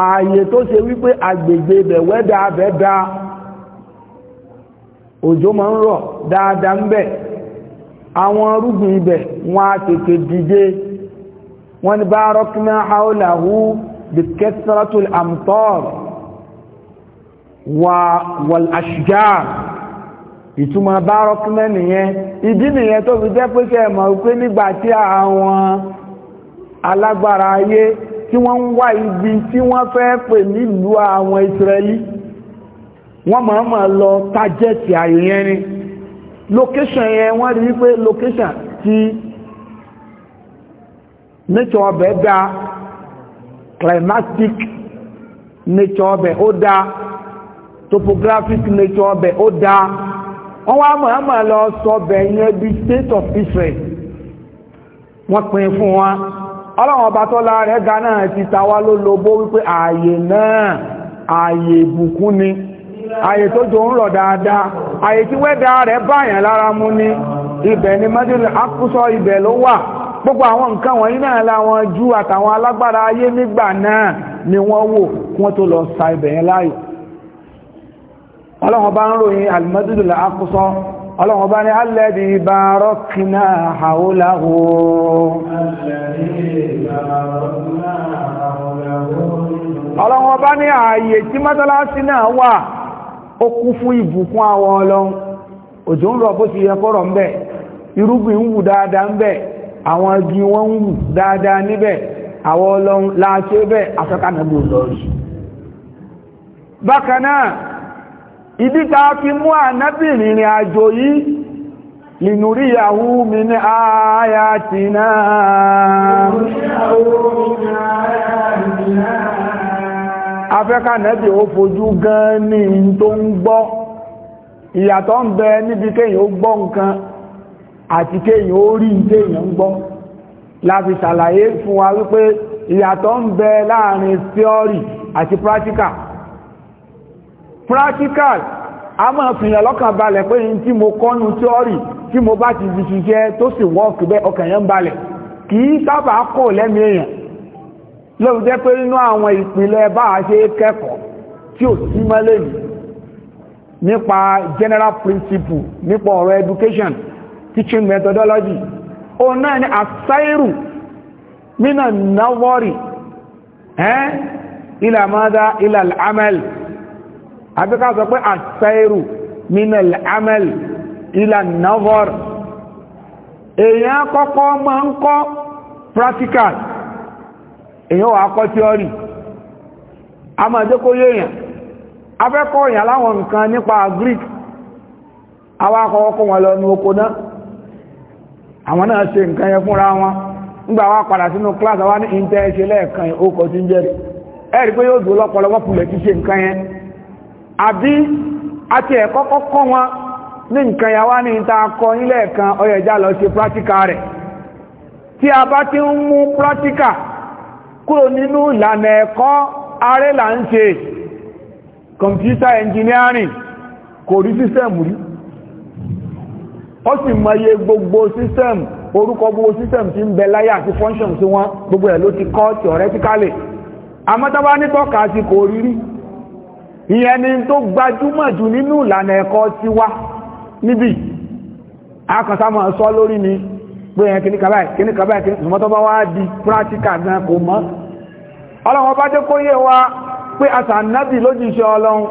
ààyè tó òjò máa ń rọ̀ dáadáa ń bẹ̀ àwọn arúgbìn ibẹ̀ wọ́n á tètè dìde wọ́n ní bá rọ́kínà haúláhú bí kẹsàrọ́tù àmtọ́r wà wọ̀l àṣìgá ìtumọ̀ bá rọ́kínà nìyẹn ìdí nìyẹn tó fi jẹ́ pé kẹ́ mọ̀ pé nígbà àwọn alágbára ayé tí wọ́n ń wá ibi tí wọ́n fẹ́ pè nílùú àwọn Israẹli wọ́n máa máa lọ tájẹ́tì ààyè location yẹn wọ́n rí wípé location ti nature ọbẹ̀ da climatic nature ọbẹ̀ ó dá topographic nature ọbẹ̀ ó dá wọ́n wá máa máa lọ sọ ọbẹ̀ yẹn bí state of Israel wọ́n pín fún wa ọlọ́run ọba tọ́lá rẹ̀ ga náà ti ta wá lólobó wípé ààyè náà ààyè ìbùkún ni àyè tó jò ń rọ̀ dáadáa àyè tí wẹ́dà rẹ̀ báyàn lára mú ní ibẹ̀ ni mẹ́dínlẹ̀ akúsọ ibẹ̀ ló wà gbogbo àwọn nǹkan wọ̀nyí náà láwọn jú àtàwọn alágbára ayé nígbà náà ni wọ́n wò kí wọ́n tó lọ sa ibẹ̀ yẹn láàyò ọlọ́run bá ń ròyìn alìmọ́dúnlẹ̀ akúsọ ọlọ́run bá ní alẹ́dì bá rọ́kìnà àwòláwò ọlọ́run bá ní ààyè tí mọ́sálásí náà wà ó kún fún ìbùkún àwọn ọlọ́run òjò ń rọ̀ bó ti yẹ kọ́rọ̀ ń bẹ̀ irúgbìn ń wù dáadáa ń bẹ̀ àwọn igi wọ́n ń wù dáadáa níbẹ̀ àwọn ọlọ́run láàṣẹ bẹ̀ afẹ́kànàbò lọ́rí bákan náà ìdí fi mú ànábì àjò yìí lìnúríyàwó mi ní ààyà tìnáà afẹ́ká nẹ́bì ó fojú gan ní tó ń gbọ́ ìyàtọ̀ ń bẹ níbi kéyìn ó gbọ́ nǹkan àti kéyìn ó rí téyìn ń gbọ́ láti ṣàlàyé fún wa wípé ìyàtọ̀ ń bẹ láàrin theory àti practical practical a máa fìyàn lọ́kàn balẹ̀ pé yìí tí mo kọ́nu theory tí mo bá ti fi ṣiṣẹ́ tó sì wọ́ọ̀kì bẹ́ ọkàn yẹn ń balẹ̀ kì í sábà kò lẹ́mìí èèyàn lóòrùn jẹ́ pé nínú àwọn ìpìlẹ̀ bá a ṣe kẹ́kọ̀ọ́ tí ò sí mẹ́lẹ̀ yìí nípa general principle nípa ọ̀rọ̀ education teaching methodology òun náà ni àṣàìrù mínà náwọ́rì ẹ́n ilà mọ́dá ilà al'amal àbíká sọ pé àṣàìrù mínà al'amal ilà náwọ́rì èèyàn kọ́kọ́ máa ń kọ́ practical èyàn wà kọ́ tíọ́rì a máa jẹ́ kó yéèyàn afẹ́kọ́ òyìn aláwọn nǹkan nípa Greek awa ọkọ̀ wọn lọ ní oko náà àwọn náà se nǹkan fúnra wọn nígbà wá padà sínú class àwọn lẹ́ẹ̀kan tí ń jẹ́rì ẹ̀rí pé yóò dúró lọ́pọ̀lọpọ̀ nǹkan akọ ti kúrò nínú ìlànà ẹ̀kọ́ ààrẹ là ń ṣe computer engineering kò rí system rí ó sì mọye gbogbo system orúkọ gbogbo system tí ń bẹ láyé àti function sí wọn gbogbo ẹ̀ ló ti kọ́ theoretically amọ́tọ́bá ní tọ́ka sí kò rí rí ìyẹn ni tó gbajúmọ̀ jù nínú ìlànà ẹ̀kọ́ tiwa níbi akànsámọ̀ sọ lórí ni pé ẹ̀ kìní kàbáyì kìní kàbáyì kìní ṣùgbọ́n bá wá di pírátíkà gan kò mọ́ ọlọ́run bá jẹ́ kó wa pé àṣà nábì iṣẹ́ ọlọ́run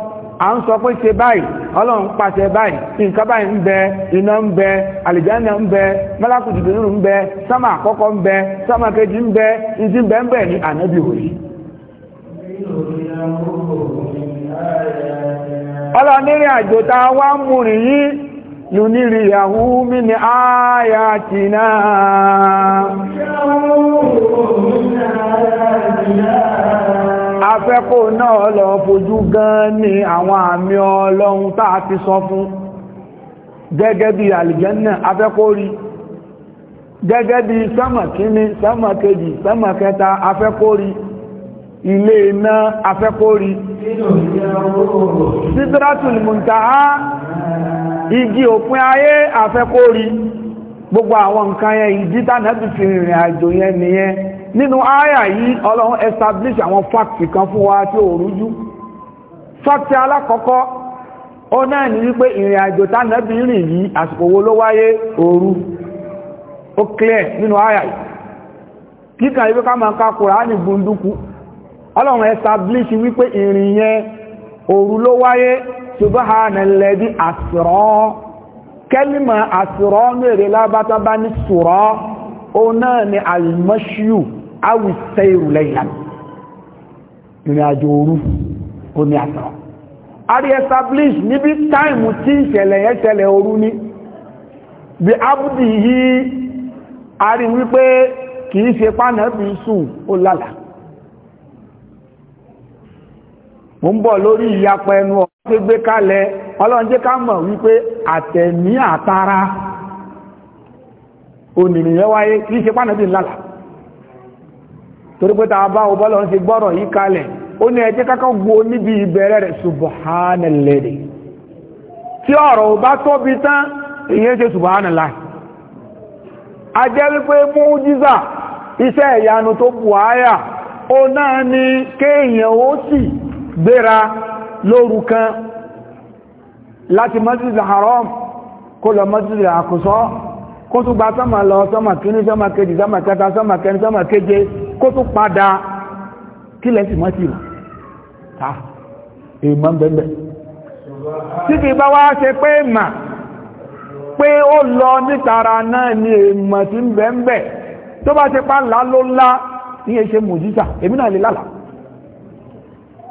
à ń sọ pé ṣe báyìí ọlọ́run pàṣẹ báyìí nǹkan báyìí ń bẹ iná ń bẹ àlìjáná ń bẹ mọ́lákùtùtù ń bẹ sámà àkọ́kọ́ ń bẹ sámà kejì ń bẹ ìdí ń bẹ ní ànábì ọlọ́run nírìn àjò tá a wá ń mú لنريه من آياتنا afẹ́kò náà lọ fojú gan ni àwọn àmì ọlọ́run táà ti sọ fún gẹ́gẹ́ bí àlìjẹ́nà afẹ́kò rí gẹ́gẹ́ bí sánmà kíní sánmà kejì sánmà kẹta afẹ́kò rí ilé iná afẹ́kò rí Sidratul igi òpin ayé àfẹ́kórí gbogbo àwọn nǹkan yẹn ìdí tánàbí fi rìnrìn àjò yẹn nìyẹn nínú ayà yìí ọlọ́run establish àwọn fact kan fún wa tí ò rújú fact alákọ̀ọ́kọ́ ó náà ní wípé ìrìn àjò tánàbí rìn yìí àsìkò wo ló wáyé òru ó clear nínú yìí kíkà ká máa ọlọ́run establish wípé ìrìn yẹn òru ló wáyé subhanalladhi asra kẹ́límà asra ní èrè lábátá bá ní sùrọ́ ó náà ni almashiyu awùsẹ́ ìrùlẹ̀ ìlànà ìrìn àjò òru ó ní asra a re-establish níbi táìmù tí ìṣẹ̀lẹ̀ yẹn ṣẹlẹ̀ ní bí abúdì yìí a rí wípé kìí ṣe pánàbí sùn ó lálàá mo ń bọ̀ lórí ìyapa ẹnu ọ̀gbẹ́gbé kalẹ̀ ọlọ́run ká mọ̀ wípé àtẹ̀mí àtara onìyàn wáyé kì í ṣe pánàbí torí pé ta bá ọbọ́lọ́ ṣe gbọ́rọ̀ yí kalẹ̀ ó ní ẹjẹ́ kákan gbó níbi ìbẹ̀rẹ̀ rẹ̀ subhanalladhi tí ọ̀rọ̀ tóbi tán ìyẹn ṣe a jẹ́ wípé mújíza iṣẹ́ ìyanu tó bù áyà ó gbéra lóru kan láti masjid haram kó lọ masjid àkùsọ́ kó tún gba sọ́mà lọ sọ́mà kíní sọ́mà kejì sọ́mà kẹta sọ́mà kẹni sọ́mà keje kó tún padà kí lẹ́sì mọ́ sí wà ta èèmọ́ bẹ́ẹ̀ títí bá wá ṣe pé mà pé ó lọ nítara náà ni èèmọ̀ tí ń bẹ́ẹ̀ tó bá ṣe pá ńlá ní ẹṣẹ́ mùjísà èmi náà lè lálàá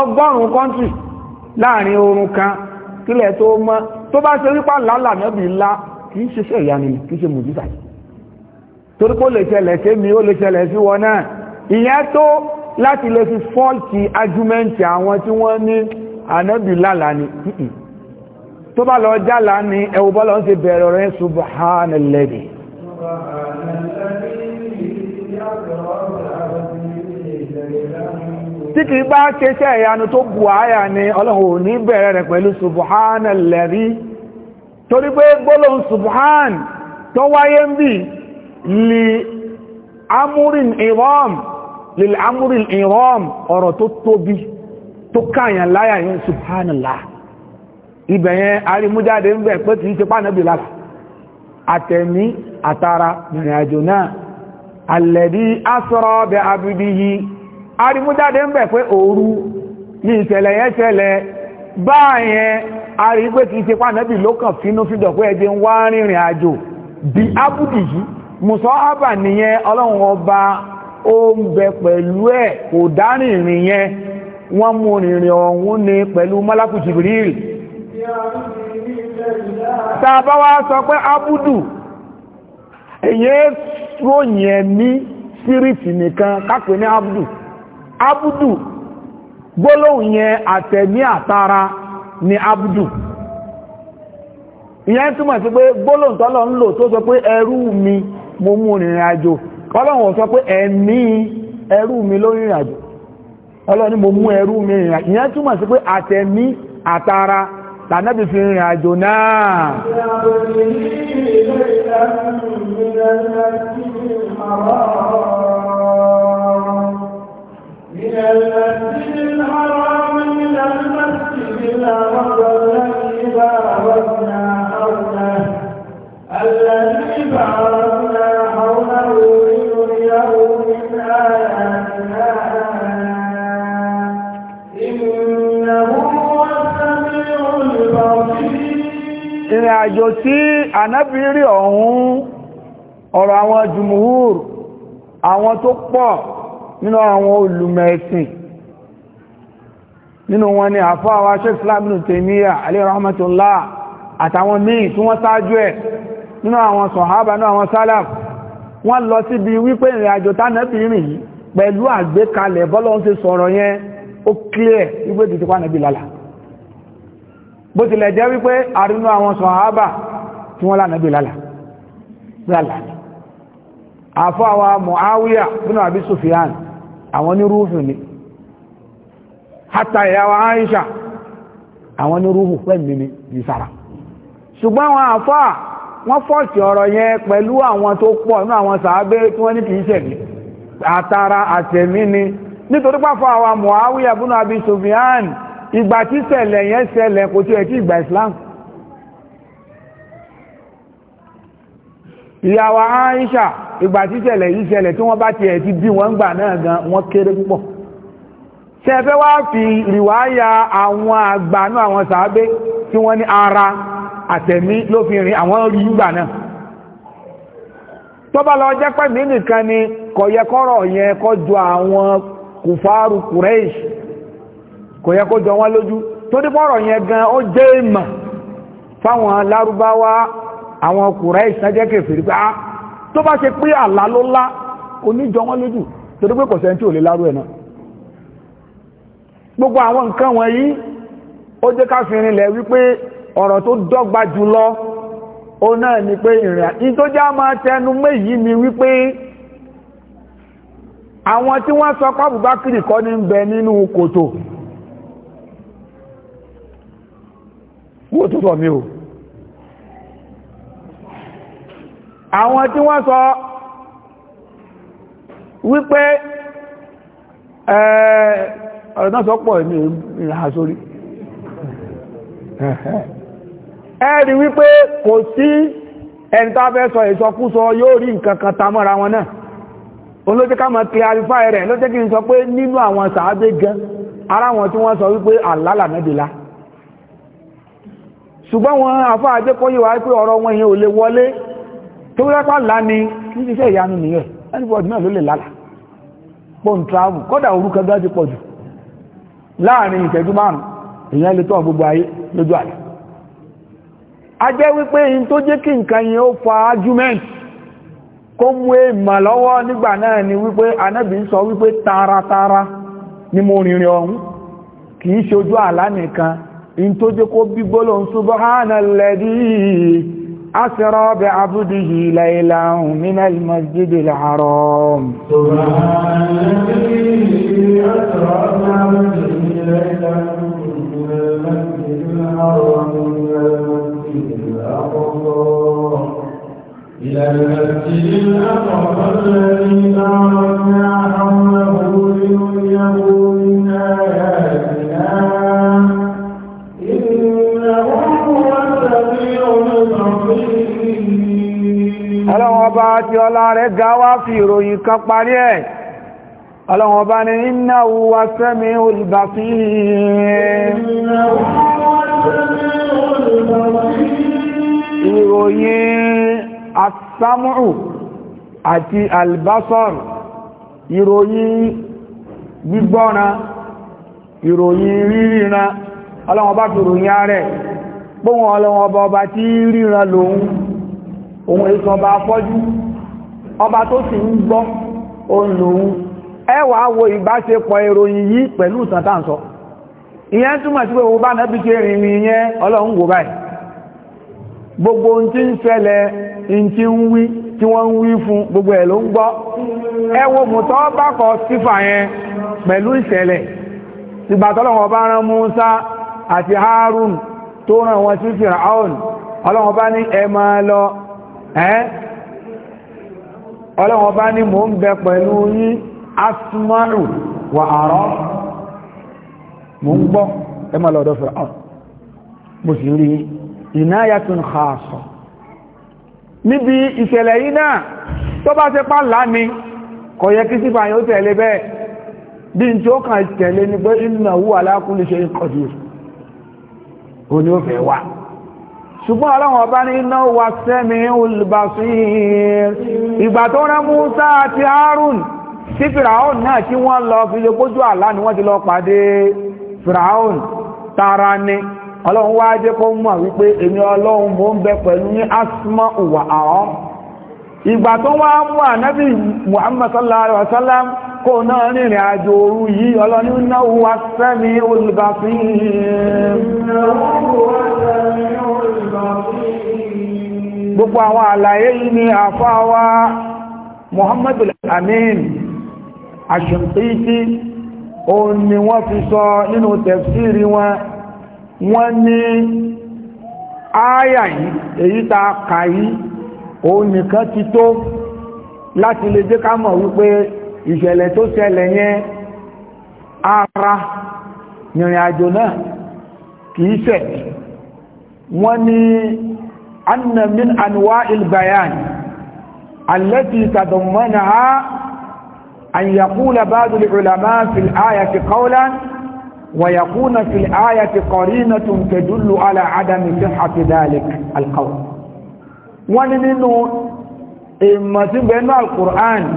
ọgọ́rùn-ún kọ́ntì láàrin oorun kan kílẹ̀ tó mọ́ tó bá ṣe wípá lálà nẹ́bì ńlá kìí ṣe ṣe ìyanu kìí ṣe mùjísà torí kó lè ṣẹlẹ̀ sí mi ó lè ṣẹlẹ̀ sí wọn náà ìyẹn tó láti lè fi fọ́ọ̀tì ájúmẹ́ǹtì àwọn tí wọ́n ní ànẹ́bì lálà ni tó bá lọ jálà ni ẹwù ń ṣe bẹ̀rẹ̀ rẹ̀ subhanalladhi tí kìí bá ṣeṣẹ́ ìyanu tó bù áyà ni ọlọ́run ò ní bẹ̀rẹ̀ rẹ̀ pẹ̀lú subhanalladhi torí pé gbólóhùn subhan tó wáyé ń bì lè amúrin ìrọ́m lè amúrin ìrọ́m ọ̀rọ̀ tó tóbi tó káyàn láyà yẹn subhanallah ibẹ̀yẹn arimújáde ń bẹ̀ pé kìí ṣe pánàbì lára àtẹ̀mí arimújáde ń bẹ̀ pé òru ní ìṣẹ̀lẹ̀ yẹn ṣẹlẹ̀ báyẹn arí pé kìí ṣe pànẹ́bì lókàn fínú fídọ̀ pé ẹjẹ ń wá rìnrìn àjò bí ábùdì yìí mùsọ́ ábà nìyẹn ọlọ́run ọba ó ń bẹ pẹ̀lú ẹ̀ kò dárìnrìn yẹn wọ́n mú rìnrìn ọ̀hún ni pẹ̀lú mọ́lákù jìbìrìrì wá sọ pé ábùdù èyí ròyìn ẹ̀mí sírìtì nìkan kápẹ́ ní abudu gbólóhùn yẹn àtẹ̀mí àtara ni abudu ìyẹn túmọ̀ sí pé gbólóhùn tọ́lọ̀ ń lò tó sọ pé ẹrú mi mo mú rìnrìn àjò ọlọ́run sọ pé ẹ̀mí ẹrú mi ló rìnrìn àjò ọlọ́run mo mú ẹrú mi rìnrìn àjò ìyẹn túmọ̀ sí pé àtẹ̀mí àtara fi rìnrìn àjò náà المسجد الحرام إلى المسجد الأقصى الذي باركنا حوله الذي باركنا حوله لنريه من آياتنا إنه هو السميع البصير ìrìn àjò tí ànábìrì ọ̀hún ọ̀rọ̀ àwọn jùmùhúr àwọn tó pọ̀ nínú àwọn olùmẹ̀ẹ̀sìn nínú wọn ni àfọ́ àwọn aṣẹ́sìláàmù tèmíyà alẹ́ rahmatullah àtàwọn míì tí wọ́n sáájú ẹ̀ nínú àwọn sọ̀hábà nínú àwọn sálàf wọ́n lọ síbi wípé ìrìn àjò tánẹ́bì rìn yìí pẹ̀lú àgbékalẹ̀ bọ́lọ́n ṣe sọ̀rọ̀ yẹn ó clear wípé títí pánẹ́bì lálà bó tilẹ̀ jẹ́ wípé àrínú àwọn sọ̀hábà tí wọ́n lánàbì lálà lálà àwọn ní rúfù ni hátà ìyàwó Aisha àwọn ní rúfù pẹ̀lú ni ìsára ṣùgbọ́n àwọn àfáà wọ́n fọ́ọ̀tì ọ̀rọ̀ yẹn pẹ̀lú àwọn tó pọ̀ ní àwọn sàábé tí wọ́n ní kìí ṣẹ̀mí àtàrà àtẹ̀mí ni nítorí pàfọ́ àwọn Muawiya búnú Abi Sufyan ìgbà tí ṣẹlẹ̀ yẹn ṣẹlẹ̀ kò tí ẹ̀ tí ìgbà Islam ìyàwó Aisha ìgbà tí ìṣẹ̀lẹ̀ yìí ṣẹlẹ̀ tí wọ́n bá ti ẹ̀ ti bí wọ́n gbà náà gan wọ́n kéré púpọ̀ ṣẹ́fẹ́ wá fi rìwáyà àwọn àgbànú àwọn sàábé tí wọ́n ní ara àtẹ̀mí ló fi rìn àwọn rí gbà náà tó bá lọ jẹ́ pẹ̀mí nìkan ni kò yẹ kọ́rọ̀ yẹn kó jọ àwọn kùfàárù Kùrẹ́ṣì kò yẹ kó jọ wọ́n lójú tó dípọ̀rọ̀ yẹn gan ó jẹ́ ìmọ̀ fáwọn lárúbáwá àwọn Kùráìṣì ìṣẹ́jẹ́ kèfèrí pé a ah, tó bá ṣe pé àlá ló lá oníjọ wọn lójú torí pé kọ̀sẹ̀ tí ò lè lárú ẹ̀ náà gbogbo àwọn nǹkan wọ̀nyí ó jẹ́ ká fi rinlẹ̀ wípé ọ̀rọ̀ tó dọ́gba jùlọ ó náà ni pé ìrìn àti tó já máa tẹnu méyìí ni wípé àwọn tí wọ́n sọ pábùbákìrì kọ́ ní bẹ nínú kòtò wó sọ mi o àwọn tí wọ́n sọ wípé ọ̀rọ̀ náà sọ pọ̀ ní ìrìnà sórí ẹ̀rí wípé kò sí ẹni tó fẹ́ sọ ìsọkúsọ yóò rí nǹkan kan tamọ́ra wọn náà olójẹ́ ká mọ̀ kí arifá rẹ̀ lójẹ́ kí n sọ pé nínú àwọn sàábé gan ara wọn tí wọ́n sọ wípé àlálà mẹ́bìlá ṣùgbọ́n wọn àfáà adékọ́yíwá pé ọ̀rọ̀ wọn yẹn ò lè wọlé tó rẹ́pá lá ní iṣẹ́ ìyanu nìyẹn anybody náà ló lè lálà pọ́n travel kọ́dà orúkọ gá pọ̀jù láàrin ìṣẹ́jú márùn èèyàn lè tọ́ gbogbo ayé lójú àlẹ́ a jẹ́ wípé in tó jẹ́ kí nǹkan yẹn ó fa argument kó mú èèmà nígbà náà wípé wípé taratara ni rìnrìn ọ̀hún kì ṣojú àlá nìkan in tó jẹ́ kó bí gbólóhùn أسرى بعبده ليلا من المسجد الحرام سبحان الذي أسرى بعبده المسجد الحرام إلى المسجد الأقصى الذي باركنا حوله لنريه من آياتنا ọlọ́wọ́n ọba tí ọlá rẹ̀ ga wá fi ìròyìn kan parí ẹ̀ ọlọ́wọ́n ọba ni innahu was-sami'ul basir ìròyìn as-sam'u àti al-basar ìròyìn gbígbọ́ran ìròyìn ríríran ọlọ́wọ́n ọba tó ròyìn ààrẹ gbóhùn ọlọ́wọ́n ọba ọba ríran lòun òun èso ọba afọ́jú ọba tó sì ń gbọ́ òun lòun ẹ wo ìbáṣepọ̀ ìròyìn yìí pẹ̀lú ìtàn ìyẹn sí pé gbogbo ohun tí ń ṣẹlẹ̀ ohun tí fún gbogbo ẹ̀ ló ń gbọ́ ẹ wo mùtọ́ bá kọ sífà yẹn pẹ̀lú ìṣẹ̀lẹ̀ Musa àti Harun tó wọn sí bá ní ẹ ẹ́ ọlọ́wọ́ bá ní mò ń bẹ pẹ̀lú yín asmaru wà àárọ́ mò ń gbọ́ ẹ má lọ́dọ̀ fẹ́ ọ́ mo sì rí inayatun khassa níbi ìṣẹ̀lẹ̀ yìí náà tó bá ṣe pàlá ni kọ̀ yẹ kí sífà yóò tẹ̀lé bẹ́ẹ̀ bí n ala ṣùgbọ́n ọlọ́run ọba ní iná wa sẹ́mi olùbàṣír ìgbà tó rán Musa àti Harun sí Firaun náà tí wọ́n lọ fi lè gbójú àlá ni wọ́n ti lọ pàdé Firaun tara ni ọlọ́run wá jẹ́ kó mọ̀ wípé èmi ọlọ́run mò ń bẹ pẹ̀lú ní asma ìwà àwọn ìgbà tó wá mú ànábì Muhammad sallallahu alaihi wasallam kó náà rìnrìn àjò òru yìí ọlọ́ni náà wá sẹ́mi olùbàṣír gbogbo àwọn àlàyé yìí ni àfáwà muhammadu amin ash-Shinqiti òun ni wọ́n fi sọ nínú tafsiri wọn wọ́n ni ááyà yìí èyí ta kà òun nìkan ti tó láti lè jẹ́ ká mọ̀ wípé ìṣẹ̀lẹ̀ tó ṣẹlẹ̀ yẹn ara ìrìn àjò náà kìí ṣẹ̀ wọ́n ní أن من أنواع البيان التي تضمنها أن يقول بعض العلماء في الآية قولا ويكون في الآية قرينة تدل على عدم صحة ذلك القول ونمنه إما تبين القرآن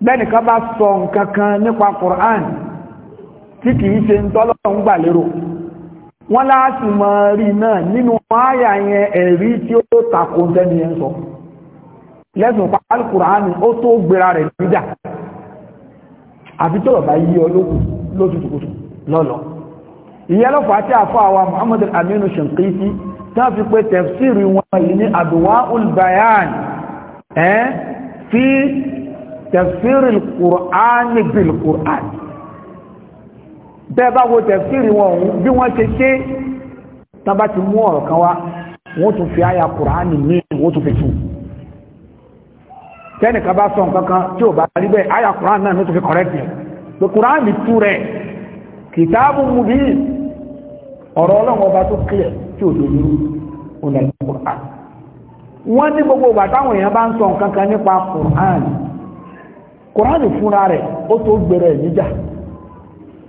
بني كبا الصنك كان نقع القرآن تكي سنتظر مبالرون wọ́n láti mọ̀ rí náà nínú àyà yẹn ẹ̀rí tí ó tako tẹ́ni yẹn sọ lẹ́sùn pàálùkùránì ó tó gbéra rẹ̀ níjà àfi tọ́rọ̀ bá yí ọ lótùtùkùtù lọ́lọ́ ìyẹ́lọ́fà àti àfọ́ àwa Muhammad Aminu Shinqiti tán fi pé tẹ̀fsìrì wọn yìí ní Adwa'ul Bayan ẹ́ fi tẹ̀fsìrì bil Qur'an bẹ́ẹ̀ bá wo wọn òun bí wọ́n ṣe ṣe tán bá ti mú ọ̀rọ̀ kan wá wọ́n tún fi àyà kùránì ní wọ́n tún fi tù tẹ́nìkan bá sọ nǹkan tí ò bá rí bẹ́ẹ̀ àyà kùránì náà ló tún fi kọ̀rẹ́tì ẹ̀ pé kùránì tú rẹ̀ kìtàbù mú bí ọ̀rọ̀ ọlọ́run ọba tó kílẹ̀ tí ò lóyún ọ̀nà kùránì wọ́n ní gbogbo ìgbà táwọn èèyàn bá ń sọ nǹkan nípa kùránì kùránì fúnra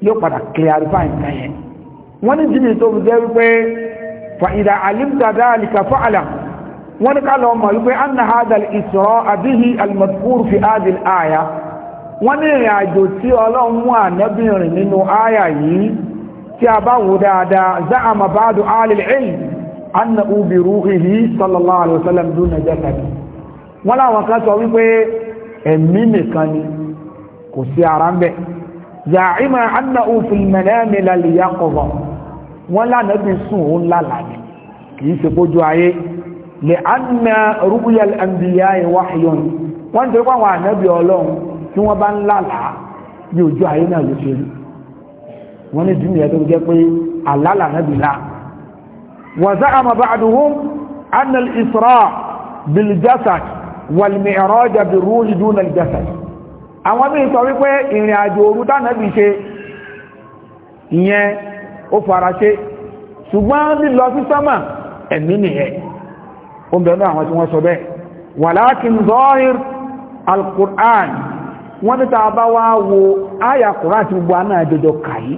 yóò padà clarify nǹkan yẹn wọ́n ní jíjìn tó jẹ́ wípé fa'ida alimta dhalika fa'ala wọ́n ní kálọ̀ ọmọ wípé an na hadal isra abihi almadkur fi adil aya wọ́n ní ìrìn àjò tí ọlọ́run mú wọ́n láwọn kan sọ wípé ẹ̀mí nìkan ni kò sí ara ń bẹ́ẹ̀ zàìmà anna òfin mẹ́lẹ́mì lálìyà kọ̀bọ̀ wọ́n lánàá bí sùn ó lálà ní kìí ṣe kójú ayé lè anna rúkúyà àmbìyà ìwáhìyàn wọ́n tẹ́ pàwọn ànábì ọlọ́run tí wọ́n bá ń lálà ní ojú ayé náà ló ṣe rí wọ́n ní dùnmí ẹ̀tọ́ jẹ́ pé àlálà nábì lá wọ́n zá àmà bá àdúhùn anna al-isra bil jasad wal mi'raj bi ruhi duna àwọn bí i sọ wípé ìrìn àjò òru tánàbí ṣe ìyẹn ó fara ṣe ṣùgbọ́n lílọ sí sánmà ẹ̀mí nìyẹn ó ń bẹ̀rẹ̀ àwọn tí wọ́n sọ bẹ́ẹ̀ walakin zahir al-Qur'an wọ́n ní tàà bá wá wo áyà Qur'an ti gbogbo aná àjọjọ kàí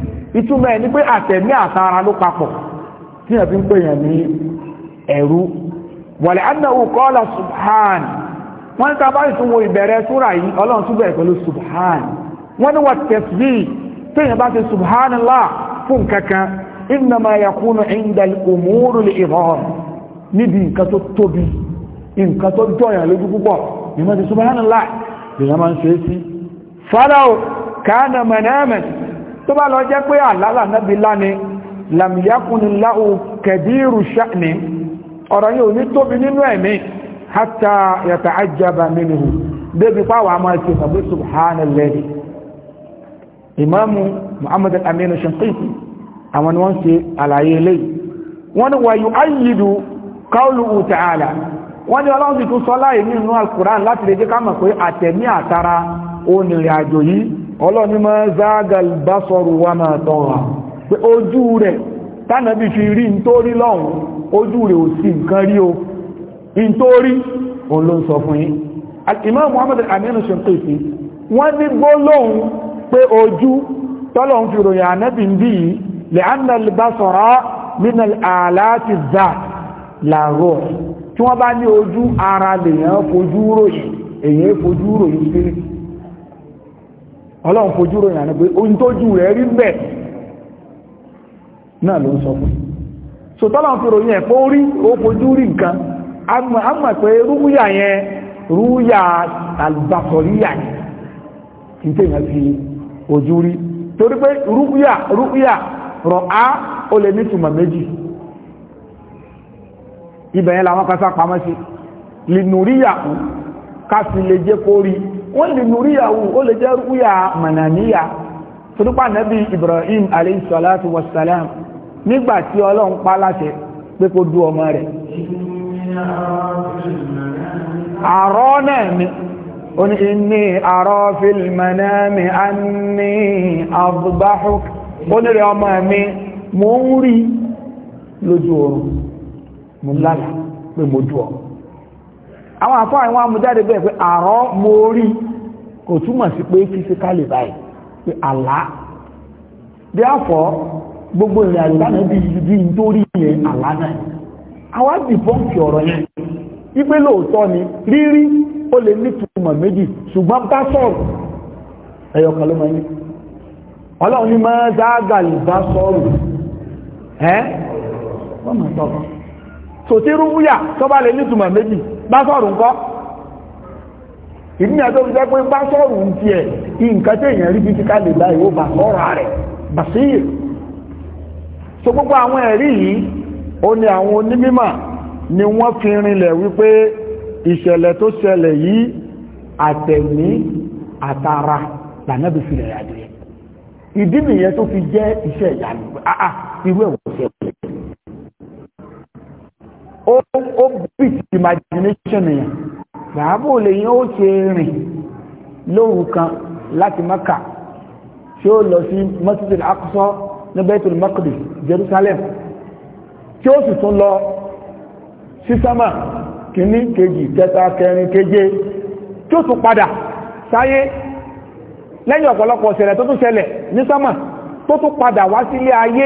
ìtumọ̀ ẹ̀ ní pé àtẹ̀mí àtara ló papọ̀ tí a fi ń pèèyàn ní ẹ̀rú wàlẹ̀ annahu qala subhan wọ́n ní tàbá ìtúnwò ìbẹ̀rẹ̀ súra yìí ọlọ́run túbẹ̀ pẹ̀lú subhan wọ́n ní wà tẹ̀sí téèyàn bá ti subhanallah fún kankan innama yakunu inda al-umur al-idham níbi nǹkan tó tóbi nǹkan tó jọyàn lójú púpọ̀ ìmọ̀ ti subhanallah lèyàn máa ń ṣe é sí fọ́lọ́ kánà tó bá lọ jẹ́ pé àlálà nábi láni làmìyákùnláhù kẹbíìrù ṣáàni ọ̀rọ̀ yìí ò ní tóbi nínú ẹ̀mí hátà yàtà ajába nínú débi páwàá máa ti sàbí subhanallah imamu muhammad al-aminu shanqiti àwọn wọ́n ṣe àlàyé ilé wọ́n wà yóò ayyidu qawluhu ta'ala wọ́n ni ọlọ́run ti tún sọ láì nínú al láti lè jẹ́ ká mọ̀ pé àtẹ̀mí àtara onírìn àjò yìí ọlọ́ni máa zágal bá sọ̀rọ̀ wà máa tọ́ra pé ojú rẹ̀ tánàbí fi rí nítorí lọ́hùn ojú rẹ̀ ò sí nǹkan rí o nítorí òun ló ń sọ fún yín Imam Muhammad aminu Shinqiti wọ́n ní gbólóhùn pé ojú tọ́lọ̀un fi ròyìn ànábì ń bí tí wọ́n bá ní ojú ara lèyàn fojú ròyìn èyàn fojú ròyìn spirit ọlọ́run fojú ya àná pé ohun tójú rẹ̀ rí bẹ̀ náà ló ń sọ fún so ya fi ròyìn orí o fojú rí nǹkan a mọ̀ pé rúúyà yẹn rúúyà ya ni kì ya fi ojú rí torí pé rúúyà rúúyà rọ̀ á o lè ní ìtumọ̀ méjì ibẹ̀ làwọn kan sá pamọ́ sí lè fi kó rí wọ́n lè nùríyàwó ó lè jẹ́ rúyà mànàníyà torípa nẹ́bí Ibrahim alayhi salatu wassalam nígbàtí ọlọ́run pa láṣẹ pé kó dú ọmọ rẹ̀ àrọ́ náà ni ó ní inú àrọ́ fílmanami a ní àbúbáhù ó ní rẹ̀ ọmọ mi mo ń rí lójú oorun mo lálàá pé mo dú ọmọ àwọn afọ àwọn amújáde bẹ́ẹ̀ pé àárọ̀ mo kò túmọ̀ sí pé físíkálì báyìí pé àlá bí àfọ́ gbogbo ìrìn àjò lánàá bí ibi nítorí yẹn àlá náà àwọn àdìbọ́ǹkì ọ̀rọ̀ yẹn ipe lóòótọ́ ni rírí ó lè ní méjì ṣùgbọ́n bá sọ̀rọ̀ ló máa ń ọlọ́run ní máa ẹ́ wọ́n máa tó méjì bá sọ̀rọ̀ ńkọ́ ìdí àjọ ìjẹ́ pé bá sọ̀rọ̀ ń tiẹ̀ nǹkan tí èèyàn rí bí ti ká lè láì ó bà sọ́rọ̀ rẹ̀ basir so gbogbo àwọn ẹ̀rí yìí ó ní àwọn onímímà ni wọ́n fi rinlẹ̀ wípé ìṣẹ̀lẹ̀ tó ṣẹlẹ̀ yìí àtẹ̀mí àtara lànàbì filẹ̀ ìrìnàjò yẹn ìdí nìyẹn tó fi jẹ́ iṣẹ́ ìyanu ah, ah, ó bit imagination èèyàn bàábò lèyìn ó ṣe rìn lóru kan láti maka tí ó lọ sí Masjid al-Aqsa ní Baitul Maqdis Jerusalem tí ó sì tún lọ sí sámà kìíní kejì kẹta kẹrin keje tí ó tún padà sáyé lẹ́yìn ọ̀pọ̀lọpọ̀ ṣẹlẹ̀ tó tún ṣẹlẹ̀ ní sámà tó tún padà wá sílé ayé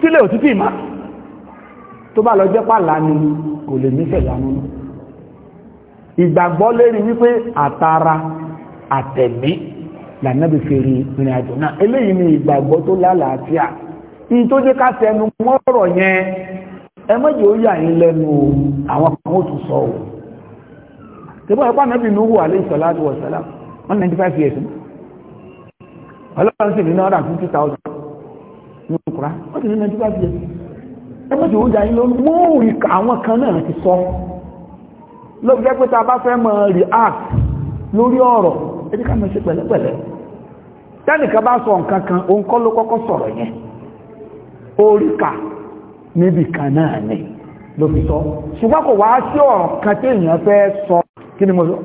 sílé òtútù ìmáà tó bá lọ jẹ́ pàlà ni kò lè nífẹ̀ lánúnú ìgbàgbọ́ lérí wípé àtara àtẹ̀mí lànàbì fèrè ìrìn àjò náà eléyìí ni ìgbàgbọ́ tó lálàáfíà ní tó jẹ́ ká tẹnu mọ́rọ̀ yẹn ẹ mọ́jì ó yà yín lẹ́nu àwọn kan ó tún sọ ọ́ tẹ́bọ́ ẹ̀pá nàbì Nuhu alayhi salatu wa salam 195 years ọlọ́run sì ní náírà 50,000 ní òkúra wọ́n ti ní 95 years ẹgbẹ́jì oúnjẹ yìí ló mú rí àwọn kan náà ti sọ ló jẹ́ pé ta bá fẹ́ mọ̀ react lórí ọ̀rọ̀ ẹjíká mọ̀ sí pẹ̀lẹ́pẹ̀lẹ́ tẹ́nìkan bá sọ nǹkan kan òun kọ́ ló kọ́kọ́ sọ̀rọ̀ yẹn orí kà níbi kan náà ni ló fi sọ ṣùgbọ́n kò wá sí ọ̀rọ̀ kan tí èèyàn fẹ́ sọ kí ni mo sọ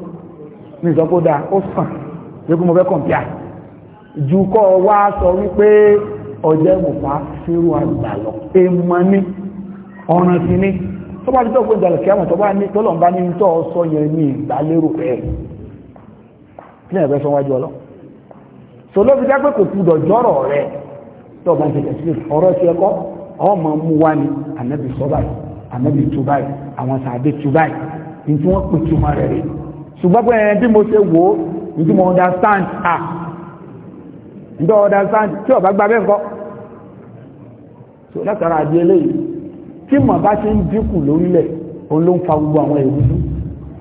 mi sọ kó dáa ó sàn pé kí mo fẹ́ kọ̀m̀píà ọjọ́ ìwòfà fírú àgbà lọ èèmọ̀ ní ọ̀ràn sí ní tó bá títọ́ pé ìjàlẹ̀ kíámọ̀ tó bá ní tọ́lọ̀ bá ní tọ́ sọ yẹn ní ìgbàlérò pẹ́ kí ẹ̀rẹ́ sọ wájú ọlọ́ so ló fi dá pé kò kúdọ̀ jọ́rọ̀ rẹ tó bá ń tẹ̀lẹ̀ sí ọ̀rọ̀ ti ẹ̀kọ́ ọmọ mú wá ní ànábì sọ báyìí ànábì tú báyìí àwọn sàbí tú báyìí ní tí wọ́n pè túmọ̀ rẹ̀ rẹ̀ ṣùgbọ́n pé ẹni tí mo ṣe wò ó ní tí mo understand ah ǹdọ́ ọ̀dà sáńdì tí ọ̀bá gba so látara àdí eléyìí tí mọ̀ bá ṣe ń dínkù lórílẹ̀ òun ló ń fa gbogbo àwọn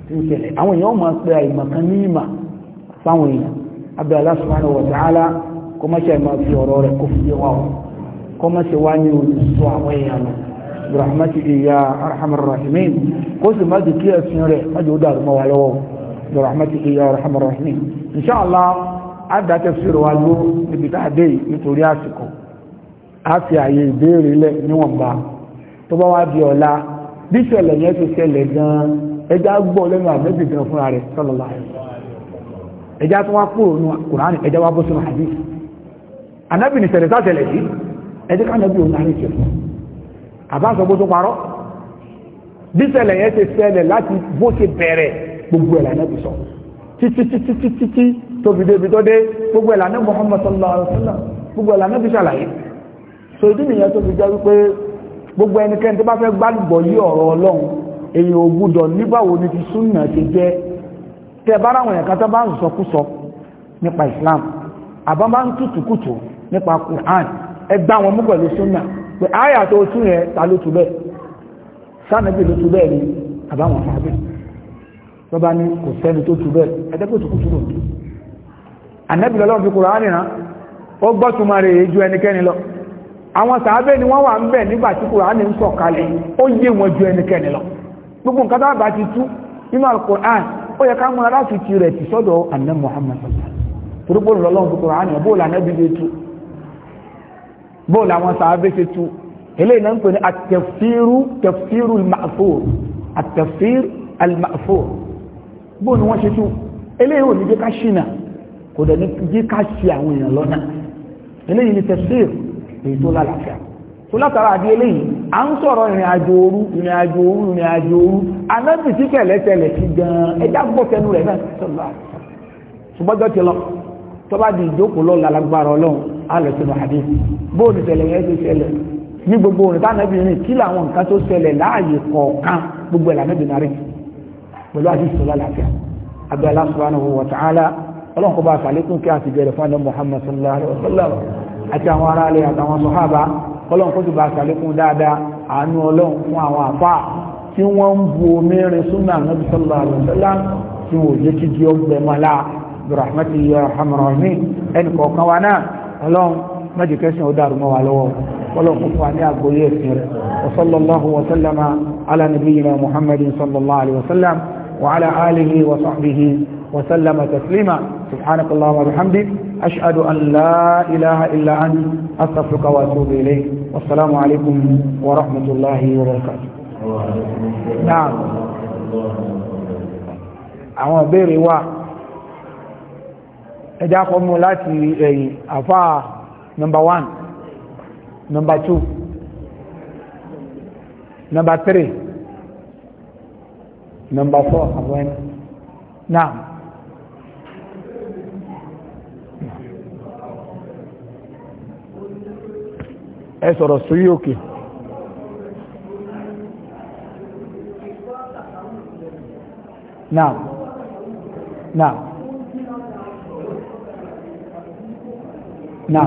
tí ń ṣẹlẹ̀ àwọn èèyàn máa àìmọ̀ kan ní fáwọn èèyàn abẹ́ kó má ṣe máa fi ọ̀rọ̀ rẹ̀ kó fi kó má ṣe wá ní àwọn èèyàn lọ àdájẹ́ sí rọ̀ ló níbi tàdé nítorí àsìkò a fi àyè ìbéèrè lẹ̀ níwọ̀nba tó bá wá di ọ̀la bí ìṣẹ̀lẹ̀ yẹn ti ṣẹlẹ̀ gan ẹjá gbọ́ lẹ́nu àbẹ́bì gan fúnra rẹ̀ sọ́lọ́lá ẹjá tó wá kúrò ní kùránì ẹjá wá bó sínú hadith anábì ní ṣẹlẹ̀ sátẹ̀lẹ̀ sí ẹjẹ́ ká anábì òun àrí ìṣẹ̀fún àbáṣọ bó tó parọ́ bí ìṣẹ̀lẹ̀ yẹn ti ṣẹlẹ̀ láti bó ṣe bẹ̀rẹ̀ gbogbo ẹ̀ tó fi débi tó dé gbogbo ìlànà Muhammad sallallahu alaihi wasallam gbogbo ìlànà bí ṣàlàyé so ìdí nìyẹn tó fi jẹ́ wípé gbogbo ẹnikẹ́ni tó bá fẹ́ gbálùgbọ̀ yí ọ̀rọ̀ Ọlọ́run èyàn ò gbúdọ̀ nígbàwo ni ti súnà ti jẹ́ tẹ bá ráwọn ẹ̀ka tó bá ń sọkúsọ nípa Islam àbá bá ń tútùkùtù nípa Quran ẹgbà wọn mú pẹ̀lú súnà pé àyà tó tún yẹn ta ló tu bẹ́ẹ̀ sánàbí ló tu bẹ́ẹ̀ ni àbáwọn fàábì lọ́ba ní kò sẹ́ni tó tu bẹ́ẹ̀ ẹ̀dẹ́gbẹ̀tùkùtù lòdì ànábì lọ́lọ́run fi Kùránì rán ó gbọ́túnmọ́ rẹ̀ ju ẹnikẹ́ni lọ àwọn sàábẹ́ ni wọ́n wà ń bẹ̀ nígbà tí Kùránì ń sọ̀kalẹ̀ ó yé wọn ju ẹnikẹ́ni lọ gbogbo nǹkan tábà ti tú nínú Al-Kùránì ó yẹ ká mú aláfi ti rẹ̀ ti sọ́dọ̀ àná Muhammad torípò lọ́lọ́run fi Kùránì bó la ànábì lè tú bó làwọn sàábẹ́ ṣe tú eléyìí náà ni wọ́n ṣe tú eléyìí ò ní jẹ́ ká ṣìnà kò dẹ̀ ní jí ká ṣe àwọn èèyàn lọ́nà eléyìí ni tẹ̀síìr èyí tó lálàáfíà tó látara àdí eléyìí à ń sọ̀rọ̀ ìrìn àjò òru ìrìn àjò òru ìrìn àjò òru anábì tí kẹ̀lẹ́tẹ̀lẹ̀ sí gan-an ẹja gbọ́ tẹnu rẹ̀ náà sọ̀rọ̀ ṣùgbọ́jọ́ ti lọ tó bá di ìjókòó lọ́la lágbára ọlọ́run á lọ sínú bóòlù tẹ̀lẹ̀ yẹn ti ṣẹlẹ̀ ní gbogbo òrìn tánàbì rìn kí làwọn nǹkan tó ṣẹlẹ̀ láàyè kọ̀ọ̀kan gbogbo ẹ̀ làmẹ́bìnrin pẹ̀lú àdìsí tó lálàáfíà abẹ́ aláṣọ ọlọ́run kó bá sàlékún kí a ti bẹ̀rẹ̀ fún ẹ̀dọ́ Muhammad sallallahu alaihi wasallam àti àwọn ará alẹ́ àtàwọn sọ̀hábà ọlọ́run kó ti bá sàlékún dáadáa àánú ọlọ́run fún àwọn àfà tí wọ́n ń bu omi rin súnà sallallahu sallallahu alaihi wasallam وعلى آله وصحبه وسلم تسليما سبحانك اللهم وبحمدك أشهد أن لا إله إلا أنت أستغفرك وأتوب إليك والسلام عليكم ورحمة الله وبركاته نعم àwọn ìbéèrè wà ẹjá kọ láti ẹ̀yìn àfá number one number two number three number four àwọn ẹni náà. ẹ sọ̀rọ̀ sórí òkè. náà náà náà.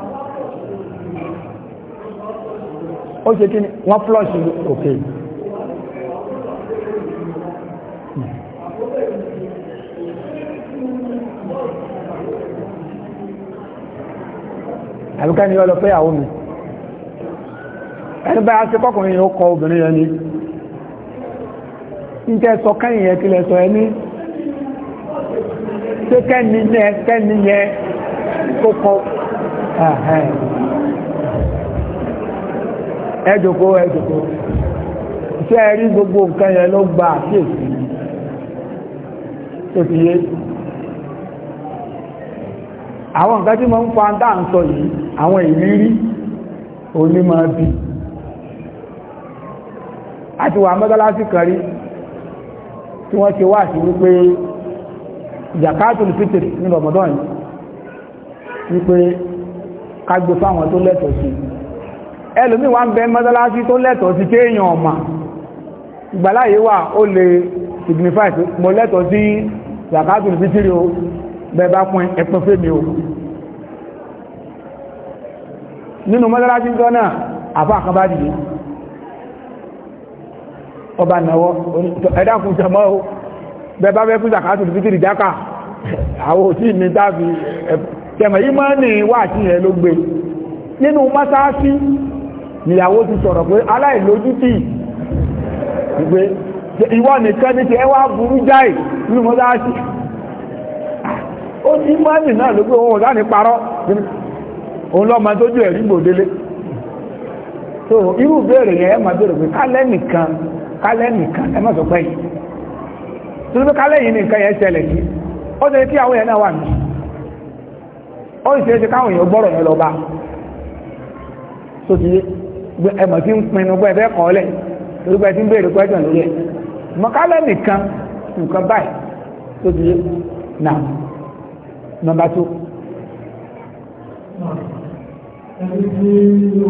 ó ṣe kí ni wọ́n flush òkè àbíká ni ọlọ fẹ́ mi ẹni bá ṣe kọkùnrin ó kọ obìnrin yẹn ni ń sọ kẹ́yìn yẹn ẹni kẹ́ni kẹ́ni ẹjòkó ẹjòkó iṣẹ́ rí gbogbo nǹkan yẹn ló gba àkíyèsí tó fi yé àwọn nǹkan tí mo ń fa dáà ń sọ yìí àwọn ìrírí onímọ̀ bí a ti wà mọ́tálásí kan rí tí wọ́n ti wá sí wípé zakatul fitr ní yìí wípé ká gbé fáwọn tó lẹ́tọ̀ọ́ sí i ẹlòmí wà ń bẹ mọ́sálásí tó lẹ́tọ̀ọ́ sí kéèyàn ọ̀mà ìgbàláyé wà ó lè signify pé mo lẹ́tọ̀ọ́ sí zakatul fitiri o bẹ́ẹ̀ bá pín ẹpin fèmí o nínú mọ́sálásí tó náà àfá àkàbá dìde ọba náwọ́ ẹ̀dàkùn jẹmọ́ o bẹ́ẹ̀ bá fẹ́ fún zakatul fitiri jáka àwọn òtí mi dábì tẹ̀mọ̀ yí máa ní wà sí ló gbé nínú mọ́sálásí ìyàwó ti sọ̀rọ̀ pé aláìlójútì ìgbé ìwọ nìkan ní ti ẹwà burú jáì nínú mọ́sáàsì ó ní mọ́nì náà ló pé ohun ọ̀dá ní parọ́ òun lọ tó tójú ẹ̀rí gbòdélé so irú béèrè yẹn ẹ pé kálẹ́ nìkan kálẹ́ nìkan ẹ yìí tó pé kálẹ́ yìí nìkan yẹn ṣẹlẹ̀ sí ó ṣe kí àwọn yẹn náà wà ní ó ṣe ṣe káwọn èèyàn gbọ́rọ̀ yẹn lọ ẹmọ̀ tí ń pinnu pé ẹfẹ́ kọ́ lẹ̀ torí pé tí ń béèrè question lórí ẹ̀ mọ̀kálẹ̀ nìkan nǹkan báyìí tó ti yé nà nọmba tó. ẹni tí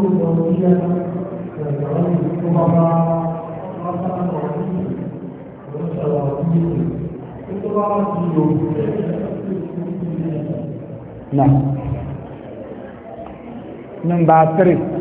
ó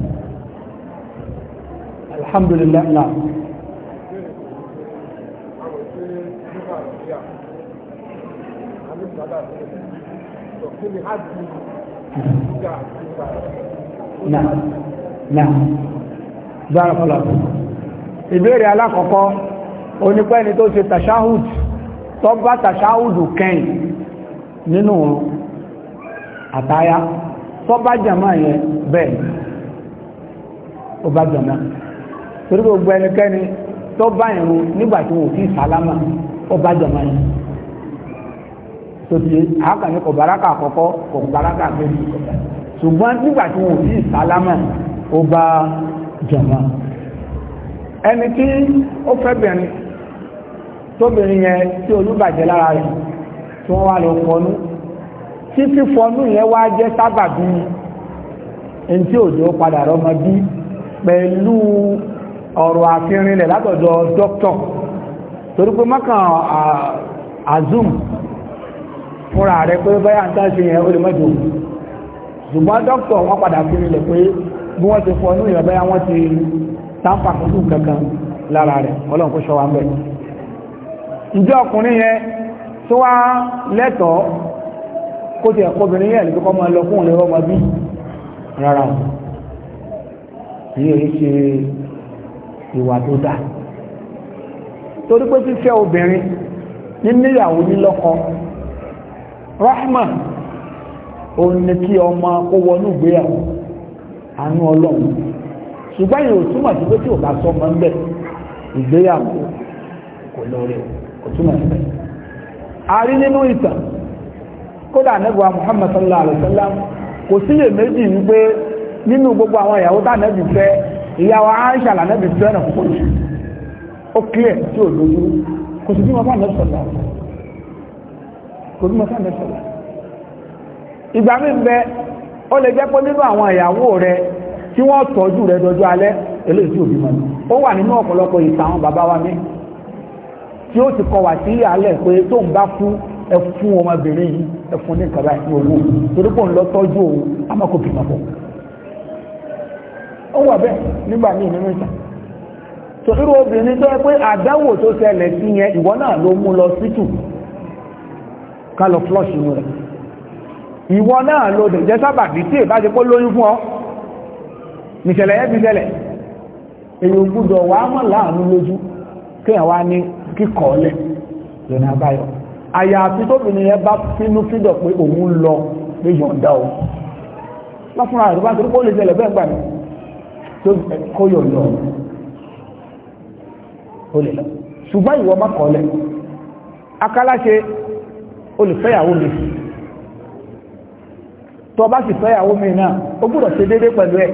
alhamdulillah náà. Náà náà bára fọ́lá. Ìbéèrè alákọ̀ọ́kọ́, onípẹ́ni tó ṣe tàṣáhùd, tó bá tàṣáhùd kẹ́yìn nínú àtáyá, tó bá jàmá yẹn bẹ́ẹ̀, ó bá jàmá torí gbogbo ẹnikẹ́ni tó bá ìrun nígbà tí wọn ò fi sálámà ó bá jàmá yẹn tòtí àákàní kò bàrákà àkọ́kọ́ kò bàrákà méjì ṣùgbọ́n nígbà tí wọn ò fi sálámà ó bá jàmá ẹni tí ó fẹ́ bẹ̀rẹ̀ tóbìnrin yẹn tí olúbàjẹ́ lára rẹ̀ tí wọ́n wá lọ fọnú tí fífọnú yẹn wá jẹ́ sábàbí ẹni tí òjò padà rọmọ bí pẹ̀lú ọ̀rọ̀ àfihànilẹ̀ látọ̀dọ̀ dókítọ̀ torí pé mọ́kàn azum fúnra rẹ̀ pé báyà ń tàṣe yẹn ó lè mọ́jọ ṣùgbọ́n dókítọ̀ wọ́n padà fihànilẹ̀ pé bí wọ́n ti fọ́nú ìyàn báyà wọ́n ti tàǹpà pẹ̀lú kankan lára rẹ̀ ọlọ́run kó ṣọ́ wa mẹ́ ǹjẹ́ ọkùnrin yẹn tó wá lẹ́tọ̀ọ́ kó ti ẹ̀kọ́ obìnrin yẹn lè kọ́kọ́ máa lọ fún òun ìwà tó torí pé fífẹ́ obìnrin níníyàwó nílọ́kọ rahma ó ní kí ọmọ kó wọnú ìgbéyàwó àánú ọlọ́run ṣùgbọ́n yìí ò túmọ̀ sí pé tí ò bá sọ ń bẹ̀ ìgbéyàwó kò lóore kò túmọ̀ sí a rí nínú ìtàn kódà gbogbo àwọn ìyàwó tá fẹ́ ìyàwó aṣà lànàbì fẹ́ràn púpọ̀ jù ó clear tí ò lójú kò sí bí wọn bá lọ́sọ̀lá kò sí wọn bá lọ́sọ̀lá ìgbà mi bẹ ó lè jẹ́ pé nínú àwọn ìyàwó rẹ tí wọ́n tọ́jú rẹ dọjọ́ alẹ́ eléyìí tí òbí mọ̀ ó wà nínú ọ̀pọ̀lọpọ̀ ìtàn àwọn bàbá wa mi tí ó ti kọ wà sí ìyàlẹ̀ pé tó ń bá kú ẹ ọmọbìnrin yìí ẹ ní ìkàrà ìfún owó torí pé lọ tọ́jú òun àmọ́ bímọ pọ̀ ó wà bẹ́ẹ̀ nígbà míì nínú ìtàn tó irú obìnrin tó yẹ pé àdánwò tó ṣẹlẹ̀ sí yẹn ìwọ náà ló mú lọ sítù ká lọ flush inú rẹ̀ ìwọ náà ló dẹ̀ jẹ́ sábàbí tí ìbá ti pọ́ lóyún fún ọ nìṣẹ̀lẹ̀ yẹ́ fi ṣẹlẹ̀ èyàn gbúdọ̀ wà mọ̀ láàánú lójú kéèyàn wá ní kíkọ̀ọ́lẹ̀ lọ́nà àbáyọ àyàfi tóbìnrin yẹn bá fínú fídọ̀ pé òun lọ pé yọ̀ǹda o lọ́fúnra rẹ̀ bá torí pé ó tó kóyò lọ ó lè lọ ṣùgbọ́n ìwọ mọ́kànlẹ̀ akáláṣe olùfẹ́yàwó mi tó bá sì fẹ́yàwó mi náà ó gbọ́dọ̀ ṣe dédé pẹ̀lú ẹ̀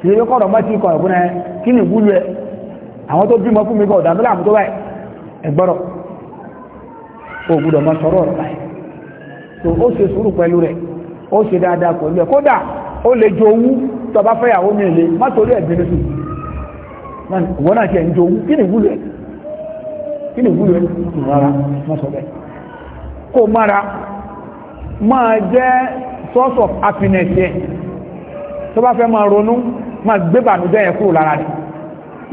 sí ilé kọ̀rọ̀ mọ́ tí kọ̀ ẹ̀kún ẹ kí ni ìwúlú ẹ àwọn tó bímọ fún mi gọ̀ ọ̀dà mílà tó báyìí ẹgbọ́rọ̀ ó gbọ́dọ̀ mọ́ sọ̀rọ̀ ọ̀rọ̀ báyìí tó ó ṣe sùúrù pẹ̀lú rẹ̀ ó ṣe dáadáa pẹ̀lú kódà ó lè tó bá fẹ́ ìyàwó mi lè má torí ẹ̀gbìn nìsù wọ́n náà ṣe ìjọ ohun kí ni ìwúlò ẹ̀ kí ni ìwúlò ẹ̀ rárá mọ́ sọ bẹ́ẹ̀ kó mára máa jẹ́ source of happiness yẹ tó bá fẹ́ máa ronú máa gbé bànújẹ́ yẹn kúrò lára rẹ̀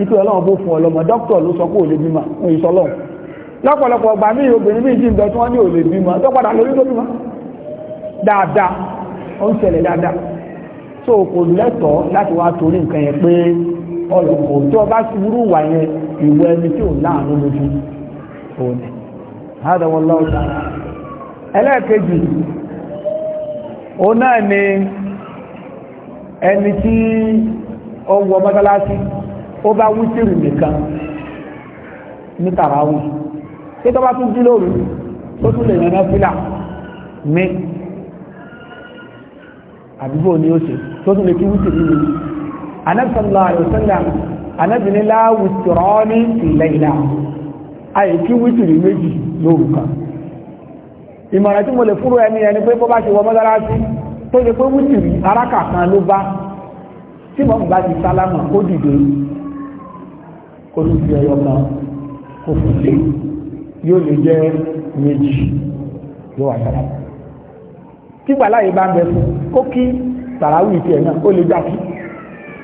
ikú ọlọ́run bó fún ọlọ́mọ dókítà ló sọ pé ò lè bímọ fún ìsọlọ́run lọ́pọ̀lọpọ̀ ọgbà mí obìnrin méjì ń bẹ tí wọ́n ní ò lè bímọ tó padà lórí tó bímọ dáadáa ó ń ṣẹlẹ̀ dáadáa tó kò lẹ́tọ̀ọ́ láti wá torí nǹkan yẹn pé ọlọ́kọ̀ tó ọba burú wà yẹn ìwọ ẹni tí ò láàánú lójú òun ni hádàwọ̀ ẹlẹ́ẹ̀kejì òun náà ni ẹni tí ó wọ mọ́tálásí ó bá wítìrì nìkan ní tàràwù tí tó bá tún àbíbò ní ó ṣe tó tún lè kí wítìrì nínú anábìsọ́lá àyọ̀sọ́lá anábìnilá wìtìrọ́ ní ilẹ̀ ìlà ayè kí wítìrì méjì lóru kan ìmọ̀ràn tí mo lè fúrò ẹni ẹni pé bó bá ṣe wọ mọ́sálásí tó yẹ pé wítìrì arákà kan ló bá tí mọ̀ bá ti sálámà ó dìde kó tún fi ẹyọ kan kó fún lé yóò lè jẹ́ méjì yóò wà sálámà tí gbàláyé bá ń bẹ fún kó kí tàràwì ìtì ẹ̀nà ó lè jákí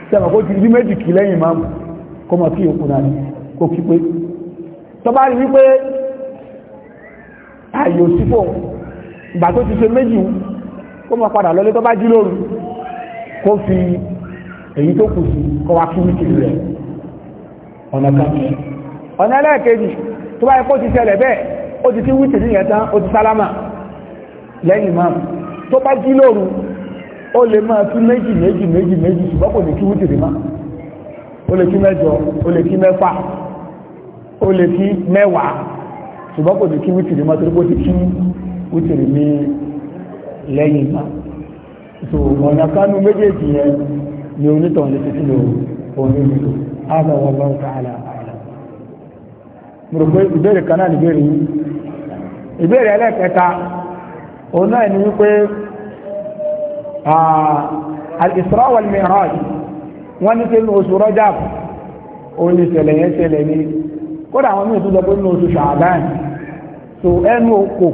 tẹ́mọ̀ kó ti rí méjì kí lẹ́yìn máa kó mọ̀ kí òkú náà kó kí pé tó bá rí wípé ààyò sípò ìgbà tó ti ṣe méjì kó mọ̀ padà lọlé tó bá jí lóru kó fi èyí tó kù sí kó wá kí wíkì rẹ̀ ọ̀nà kan ọ̀nà ẹlẹ́ẹ̀kejì tó bá yẹ kó ti ṣẹlẹ̀ bẹ́ẹ̀ ó ti kí wíkì nìyẹn tán ó ti sálámà lẹ́yìn máa tó bá jí lóru ó lè máa tún méjì méjì méjì méjì ṣùgbọ́n kò ní kí wútìrì má ó lè kí mẹ́jọ ó lè kí mẹ́fà ó lè kí mẹ́wàá ṣùgbọ́n kò kí wútìrì má torí kó ti kí wútìrì ní lẹ́yìn má so ọ̀nà kánú méjèèjì yẹn ni onítọ̀hún lè ti sílò òun ní ìlú ààbà wọn lọ́wọ́ káàlà ààlà mo rò pé ìbéèrè kan ìbéèrè yìí ìbéèrè ẹlẹ́ẹ̀kẹta òun náà ni wípé al-Isra wal-Mi'raj wọ́n ní pé ní oṣù Rajab òun ní ìṣẹ̀lẹ̀ yẹn ṣẹlẹ̀ ní kódà àwọn míì tún sọ pé ní oṣù Sha'ban so ẹnu okò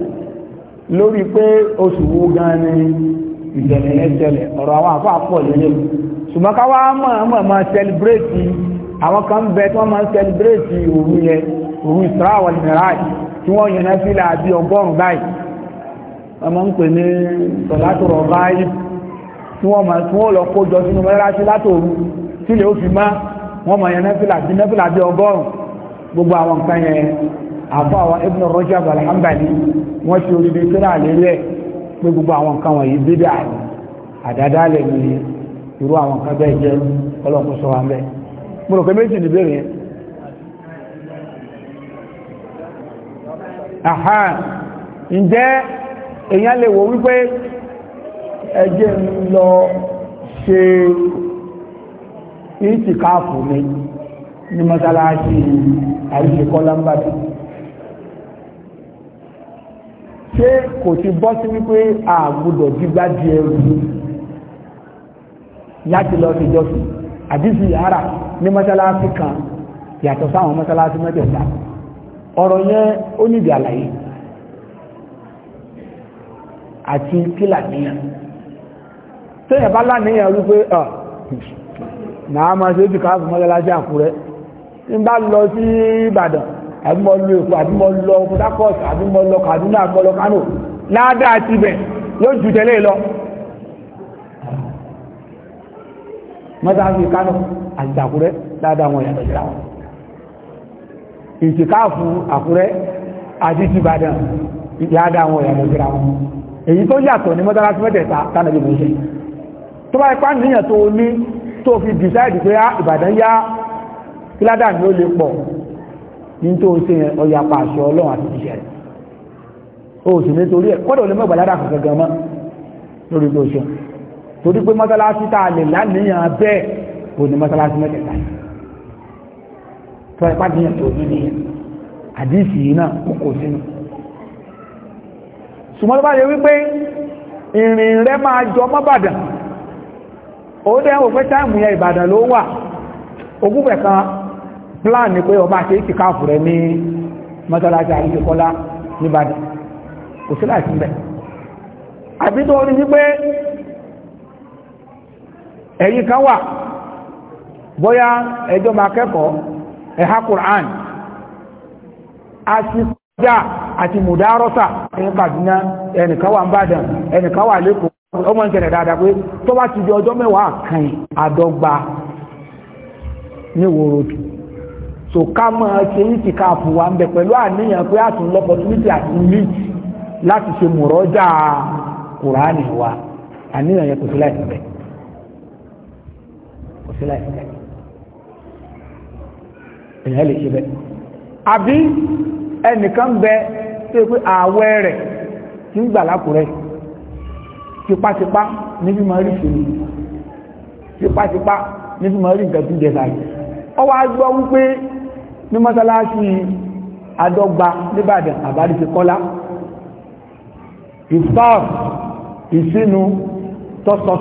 lórí pé oṣù wo gan ni ìṣẹ̀lẹ̀ yẹn ṣẹlẹ̀ ọ̀rọ̀ àwọn àfọ àpọ̀ lélẹ̀ ṣùgbọ́n ká wá mọ̀ mọ̀ mọ̀ sẹlibrétì àwọn kan bẹ tí wọ́n máa sẹlibrétì òru yẹn òru Isra wal-Mi'raj tí wọ́n yẹn náà fi là ọgọ́rùn báyìí wọ́n máa ń pè ní tọ̀látọ̀rọ̀ báyìí tí wọ́n máa tún ó lọ kójọ sínú mẹ́rẹ́sí látòru sílẹ̀ ó fi má wọ́n máa yẹn nẹ́fìlà bí nẹ́fìlà bí ọgọ́rùn gbogbo àwọn nǹkan yẹn àbọ̀ àwọn Ibn Rajab al-Hanbali wọ́n ṣe orí bíi sílẹ̀ àlélẹ̀ pé gbogbo àwọn nǹkan wọ̀nyí bíbí àrùn àdádálẹ̀ ni irú àwọn nǹkan bẹ́ẹ̀ jẹ́ ọlọ́kùn wa bẹ́ẹ̀ mo rò pé méjì níbẹ̀rẹ̀ yẹn èyàn lè wò wípé ẹjẹ́ ń lọ ṣe ìtìkáàfù mi ní mọ́sálásí àríṣekọ́ lámbàtí ṣé kò ti bọ́ sí wípé àgbùdọ̀ gbígbá di ẹrù láti lọ sí ìjọsìn àdísì ara ní mọ́sálásí kan yàtọ̀ sáwọn mọ́sálásí mẹ́tẹ̀ẹ̀ta ọ̀rọ̀ yẹn ó níbi àlàyé àti kílà níyàn tẹ́yẹ̀ bá láníyàn wípé ọ̀ ah, náà máa ṣe jù káàkùn mọ́lẹ́lájá àkúrẹ́ tí bá lọ sí ìbàdàn àbí mo lọ èkó àbí mo lọ pọtakọ́ọ̀sì àbí mo lọ kàdúnà àbí mo lọ kánò ládá àti ibẹ̀ yóò jù tẹ́lẹ̀ e lọ mọ́ta fi kánò àti àkúrẹ́ ládá wọn yàtọ̀ síra wọn ìtìkáàfù àkúrẹ́ àti tìbàdàn ládá wọn yàtọ̀ síra wọn èyí tó yàtọ̀ ní mọ́sálásí mẹ́tẹ̀ẹ̀ta tánàbí mú ṣe tó bá ipá níyàn tó ní tó fi dìsáìdì pé ah, ìbàdàn yá kíládà ní ó lè pọ̀ ní tó ṣe yẹn ọya pa àṣọ ọlọ́run àti ìṣẹ́ rẹ̀ ó sì nítorí ẹ̀ kọ́dọ̀ lè mọ́gbà ládà kankan gan mọ́ lórí tó ṣe torí pé mọ́sálásí tá a lè láníyàn bẹ́ẹ̀ ò ní mọ́sálásí mẹ́tẹ̀ẹ̀ta tó ipá níyàn tó ní àdìsí náà kókò sínú ṣùgbọ́n bá yẹ wípé ìrìn rẹ máa jọ mọ́bàdàn ó dẹ́ òfẹ́ táìmù yẹ ìbàdàn ló wà kan plan ni pé ọba ṣe ti káàfù rẹ ní mọ́tàlájá àríkẹ́kọ́lá níbàdàn kò sí láì síbẹ̀ àbí tó wípé ẹ̀yìn kan wà já àti mùdárọ́sà ní Kaduna ẹnìkan wà ń bàdàn ẹnìkan wà ọmọ dáadáa pé tó bá ti di ọjọ́ mẹ́wàá kan àdọ́gba ní so ká máa ṣe ìtì káàfù wa ń bẹ pẹ̀lú àníyàn pé àti láti wa ẹnìkan bẹ tó yẹ pé ààwẹ̀ rẹ̀ tí ń gbà lákùrẹ́ tipátipá níbi máa rí ìṣòro tipátipá níbi máa rí nǹkan tí ń jẹ láàyè ọ wá gbọ́ wípé ní mọ́sálásí adọ́gba nìbàdàn àbárí ti kọ́lá ìfáà ìsínú tọ́sọsọ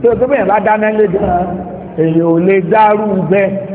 tó yẹ pé bẹ́ẹ̀ bá dáná lé gan ò lè dárú bẹ́ẹ̀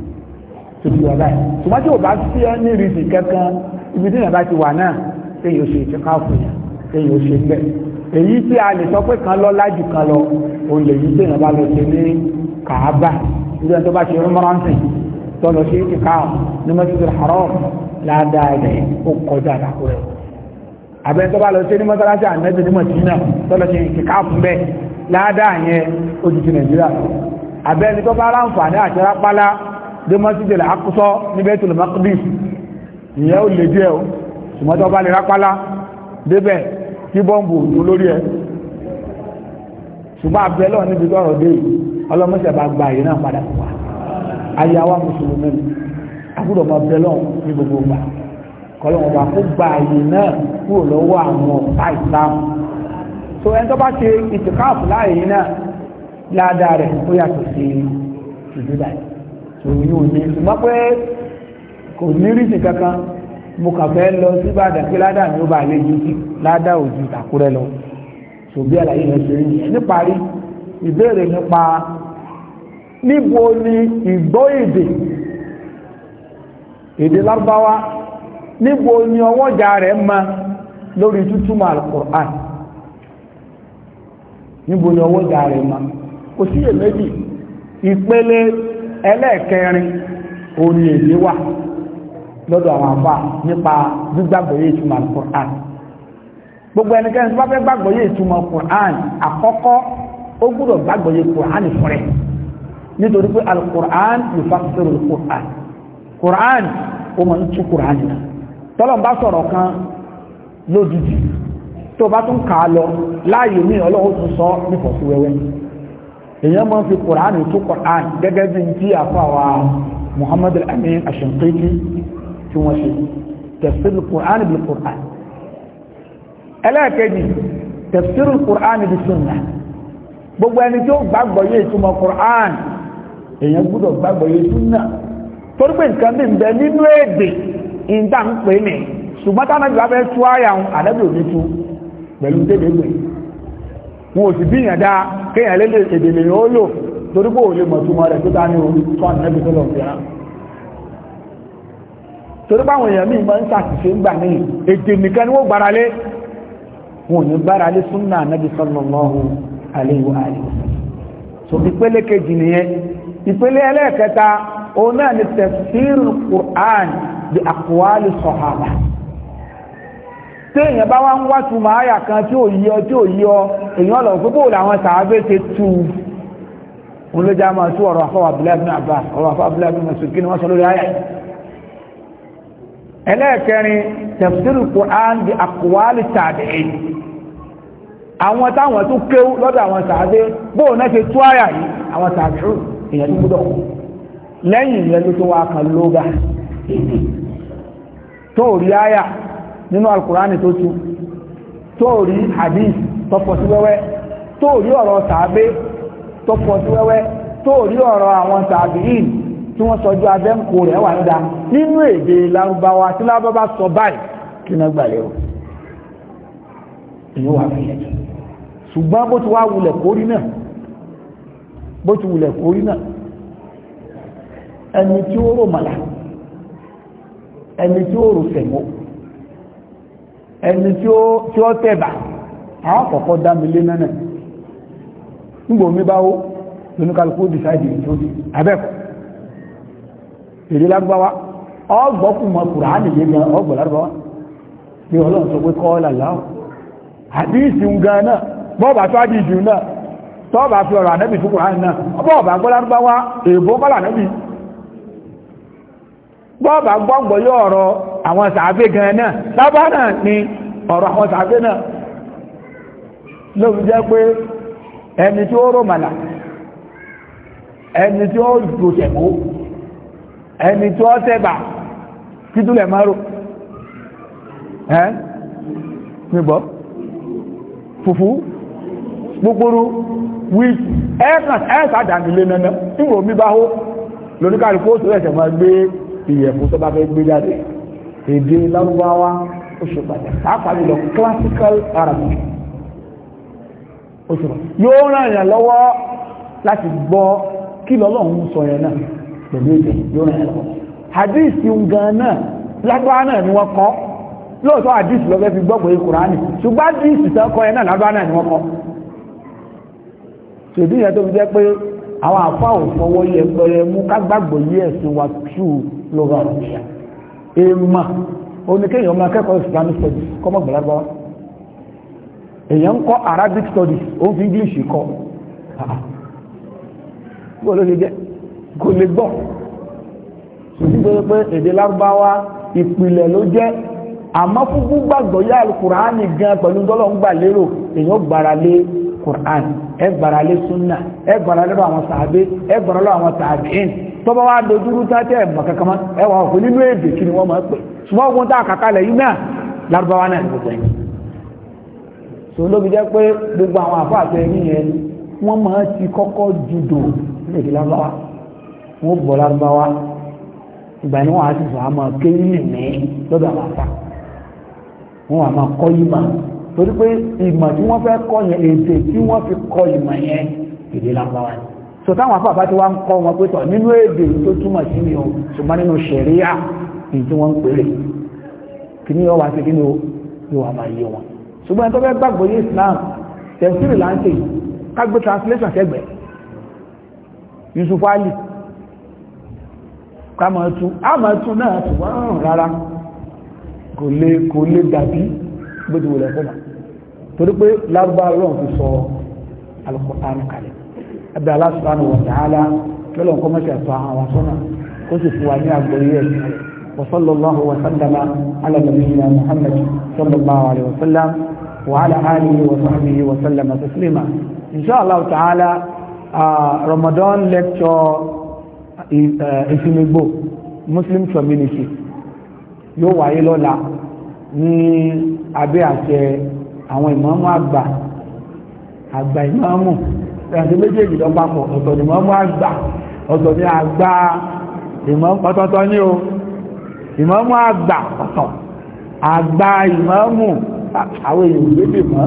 tó fi wà báyìí ṣùgbọ́n tí o bá sí ọ ní ìrìsì kankan ibi tí yàrá ti wà náà kéèyàn ṣe ìtìká fún yàn kéèyàn ṣe bẹ́ èyí tí a lè sọ pé kan lọ lájú kan lọ òun lè yí tí yàrá lọ ṣe ní kàába ibi tó bá ṣe rúmọ́rántì tó lọ ṣe ìtìká ní mọ́tòtò haram ládàá rẹ̀ ó kọjá àdàkù rẹ̀ àbẹ́ tó bá lọ ṣe ní mọ́tòláṣí ànẹ́bí ní mọ̀tínà tó lọ dé masjid al-Aqsa ní Baitul Maqdis ìyẹ́ ò lè díẹ̀ o ṣùgbọ́n bá lè rápálá débẹ̀ kí bọ́ǹbù òjò lórí ẹ̀ ṣùgbọ́n abẹ́lọ́ níbi tọ́rọ̀ dé ọlọ́mọṣẹ́ bá gba àyè náà padà wá ayáwá mùsùlùmí àbúrò ọmọ abẹ́lọ́ ní gbogbo gbà kọlọ́wọ́n bá kó gba àyè náà kúrò lọ́wọ́ àwọn ọ̀tá ìsáàmù so ẹni tó bá ṣe ìtìkáàfù láàyè náà ládàá rẹ̀ ó yàtọ̀ sí ìdúdà yìí òyìn òní ṣùgbọ́n pé kò ní rísì kankan mo kàn fẹ́ lọ sí Ìbàdàn pé ládà ni ó bá lè ju sí ládà òjì Àkúrẹ́ ìbéèrè nípa níbo ni ìgbọ́ èdè èdè lárúbáwá níbo ni ọwọ́jà rẹ̀ ma lórí tútúmọ̀ alukur'an níbo ni ọwọ́jà rẹ̀ ma kò sí èméjì ìpele ẹlẹ́ẹ̀kẹrin orí èdè wà lọ́dọ̀ àwọn àbá nípa gbígbàgbọ́ yé ìtumọ̀ quran gbogbo ẹnikẹ́ni tó bá fẹ́ gbàgbọ́ yé ìtumọ̀ Qur'an àkọ́kọ́ ó gbúdọ̀ gbàgbọ́ yé Qur'an fún rẹ̀ nítorí pé Al-Qur'an N'i Qur'an Qur'an èèyàn máa fi kùránì tó kùránì gẹ́gẹ́ bí tí àfàwà Muhammad amin ash-Shinqiti tí wọ́n ṣe quran bil Qur'an ẹlẹ́ẹ̀kejì tafsir quran gbogbo ẹni tó gbàgbọ́ yé ìtumọ̀ kùránì èèyàn gbọ́dọ̀ gbàgbọ́ yé sunnah torí nǹkan bí nbẹ nínú èdè ìdá ń pè ní ṣùgbọ́n kéèyàn lè èdè lè yóò lò torí kò lè mọ̀túnmọ̀ rẹ̀ pítà ní orí tó ànẹ́bí tó lọ fìyà torí báwọn èèyàn míì máa ń sàtìṣe ń gbà míì èdè nìkan ni wọ́n gbára wọn ni tafsir Qur'an bi aqwali sahaba téèyàn bá wá ń wá tu màáyà kan tí ò yí ọ tí ò yí ọ èèyàn lọ bóòlù àwọn sàábé ṣe tu wọn ló ọ̀rọ̀ afọ abúlé ọ̀rọ̀ afọ abúlé abúlé kí ni wọn sọ lórí ayà ẹlẹ́ẹ̀kẹrin tàbí àwọn táwọn tó kéwú lọ́dọ̀ àwọn bóòlù nínú alkùránì tó tú tó rí hadith tọ́pọ̀ sí wẹ́wẹ́ tó rí ọ̀rọ̀ sàábé tọ́pọ̀ sí wẹ́wẹ́ tó rí ọ̀rọ̀ àwọn sàábìín tí wọ́n sọjú abẹ́mkò rẹ̀ wà ń da nínú èdè lárúbáwá tí lábábá sọ báyìí kí náà gbà lérò èyí wà fi ẹ̀jẹ̀ ṣùgbọ́n bó ti wá wulẹ̀ kórí náà bó ti wulẹ̀ kórí náà ẹni tí ó rò màlà ẹni tí ó rò sẹ̀mọ́ ẹni tí ó tẹ̀bà àákọ̀ọ́kọ́ dámilé náà nígbò mi bá ó lóníkàlùkù dìsáìdì tó di abẹ́kọ̀ èdè lárúbáwá ọgbọ́kù mọ kùránì yé gan ọgbọ̀ lárúbáwá ní ọlọ́run sọ pé kọ́ làláwọ̀ àdíìsì ń gan náà bọ́ọ̀bà tó àdíìsì náà tọ́ọ̀bà fi ọ̀rọ̀ ànẹ́bì fún kùránì náà bọ́ọ̀bà gbọ́ lárúbáwá èèbó bọ́ọ̀bà gbọ́gbọ́ yóò ọ̀rọ̀ àwọn sàábé gan náà lábá náà ni ọ̀rọ̀ àwọn sàábé náà ló fi jẹ́ pé ẹni tí ó rò màlà ẹni tí ó dòṣẹ̀mó ẹni tí ó tẹ́bà ẹ́ ìyẹ̀fun tó bá fẹ́ gbé jáde èdè lárúbáwá oṣù pàtàkì pàápàá jùlọ classical Arabic oṣù yóò ràn yàn lọ́wọ́ láti gbọ́ kí lọ́lọ́run sọ yẹn náà pẹ̀lú èdè yóò ràn yàn lọ́wọ́ hadith ń gan náà lágbára náà ni wọ́n kọ́ lóòótọ́ hadith lọ́fẹ́ fi gbọ́ pé kùránì ṣùgbọ́n hadith tán kọ́ yẹn náà lágbára náà ni wọ́n kọ́ ṣèdí yẹn tó fi jẹ́ pé àwọn àfáà ò yẹ pẹ̀lẹ́ mú ká gbàgbọ́ yí ẹ̀sìn wa tù lóra àbíyà èèmà oníkéèyàn máa kẹ́kọ̀ọ́ islamic studies kọ́mọ̀ gbàlagbà èèyàn ń kọ́ arabic studies ó ń fi english kọ́ bó ló ṣe jẹ́ kò lè gbọ́ nítorí pé èdè lárúbáwá ìpìlẹ̀ ló jẹ́ àmọ́ fún gbígbàgbọ́ yá alukurani gan pẹ̀lú dọ́lọ́ ń gbà lérò èèyàn gbára lé Quran ẹ gbára lé súnà ẹ gbára lọ́dọ̀ àwọn sàábé ẹ àwọn tàbíìn tó nínú èdè kí ni wọ́n máa pè ṣùgbọ́n ogun tá a kàkà lẹ̀ yìí náà lárúbáwá náà ló jẹ́ pé gbogbo àwọn àfáàfẹ́ yìí yẹn wọ́n máa ti kọ́kọ́ lárúbáwá wọ́n bọ̀ lárúbáwá ìgbà ni wọ́n á ti sọ àmọ́ kéwìn lọ́dọ̀ àwọn torí pé ìmọ̀ tí wọ́n fẹ́ kọ́ yẹn èdè tí wọ́n fi kọ́ ìmọ̀ yẹn èdè lágbára ni so táwọn afáàbá tí wọ́n ń kọ́ wọn pé tọ̀ nínú èdè tó túmọ̀ sí mi o ṣùgbọ́n nínú ṣẹ̀ríà ní tí wọ́n ń pèrè kí ni ọwọ́ àti kí ni yóò wà máa yé wọn ṣùgbọ́n ẹni tó fẹ́ gbàgbọ́ yé Islam tẹ̀síìrì láǹtì kágbé translation sẹ́gbẹ̀ Yusuf Ali kàmọ̀tún àmọ̀tún náà ṣùgbọ́n rárá kò lè dàbí gbẹ́dùwẹ̀lẹ̀ fún wa torí pé lárúbáwá lọ́n fi sọ Al-Qur'an kalẹ̀ ẹbẹ̀ Allah subhanahu wa ta'ala lọ́lọ́n kọ́ mọ́ṣẹ́ ẹ̀tọ́ àwọn sọ́nà ó sì fún wa ní àgbọ́yé ẹ̀ وصلى الله وسلم على نبينا محمد صلى الله عليه وسلم وعلى آله وصحبه وسلم تسليما إن شاء الله تعالى uh, Ramadan lecture e, e, ìfimigbo Muslim community yóò wáyé lọ́la ní abẹ́ àṣẹ àwọn ìmáàmù àgbà àgbà ìmáàmù ẹ̀sìn méjèèjì lọ papọ̀ ọ̀tọ̀ ni ìmáàmù àgbà ọ̀tọ̀ ni àgbà ọ̀tọ̀ọ̀tọ̀ ní o ìmáàmù àgbà ọ̀tọ̀ àgbà ìmáàmù àwọn èèyàn gbébè mọ́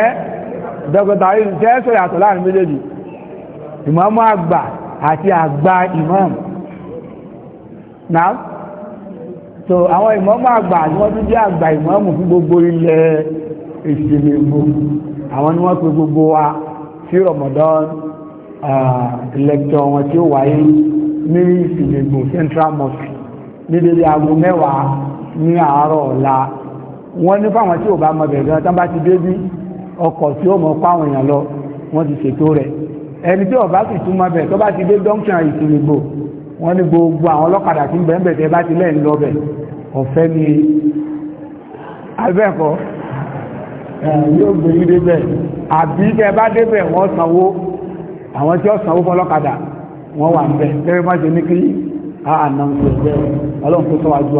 ẹ́ dọ́kọ̀tà ìrìnṣẹ́ yàtọ̀ láàrin méjèèjì ìmáàmù àgbà àti àgbà ìmáàmù náà so àwọn ìmáàmù àgbà ni wọ́n tún jẹ́ àgbà ìmáàmù fún gbogbo ilẹ̀ ìṣẹ̀lẹ̀ gbogbo àwọn ni wọ́n pe gbogbo wa sí Ramadan uh, lecture wọn tí ó wáyé ní ìṣẹ̀lẹ̀ gbogbo Central Mosque ní dédé aago mẹ́wàá ní àárọ̀ ọ̀la wọ́n ní fáwọn tí ò bá mọ bẹ̀rẹ̀ tán bá ti dé bí ọkọ̀ tí ó mọ̀ fáwọn èèyàn lọ wọ́n ti ṣètò rẹ̀ ẹni tí ó bá sì tún mọ bẹ̀rẹ̀ tó bá ti dé dọ́ńkìá wọ́n ní gbogbo àwọn ọlọ́kadà tí ń bẹ̀ ń bẹ̀ tẹ́ bá ti lẹ́yìn lọ bẹ̀ ọ̀fẹ́ ni abẹ́ẹ̀kọ́ yóò gbé yí débẹ̀ àbí tẹ́ bá débẹ̀ wọ́n sanwó àwọn tí ó sanwó fún ọlọ́kadà wọ́n wà ń bẹ̀ lẹ́yìn má ṣe ní kí àná ń pè bẹ́ẹ̀ ọlọ́run tó sọ́wájú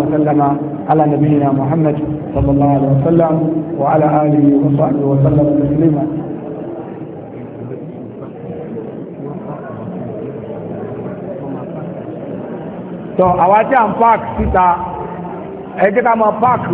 wa sallama ala nabiyyina Muhammad sallallahu alaihi wa sallam wa ala sallam taslima so àwa tí ń park síta ẹjẹ́ ká máa park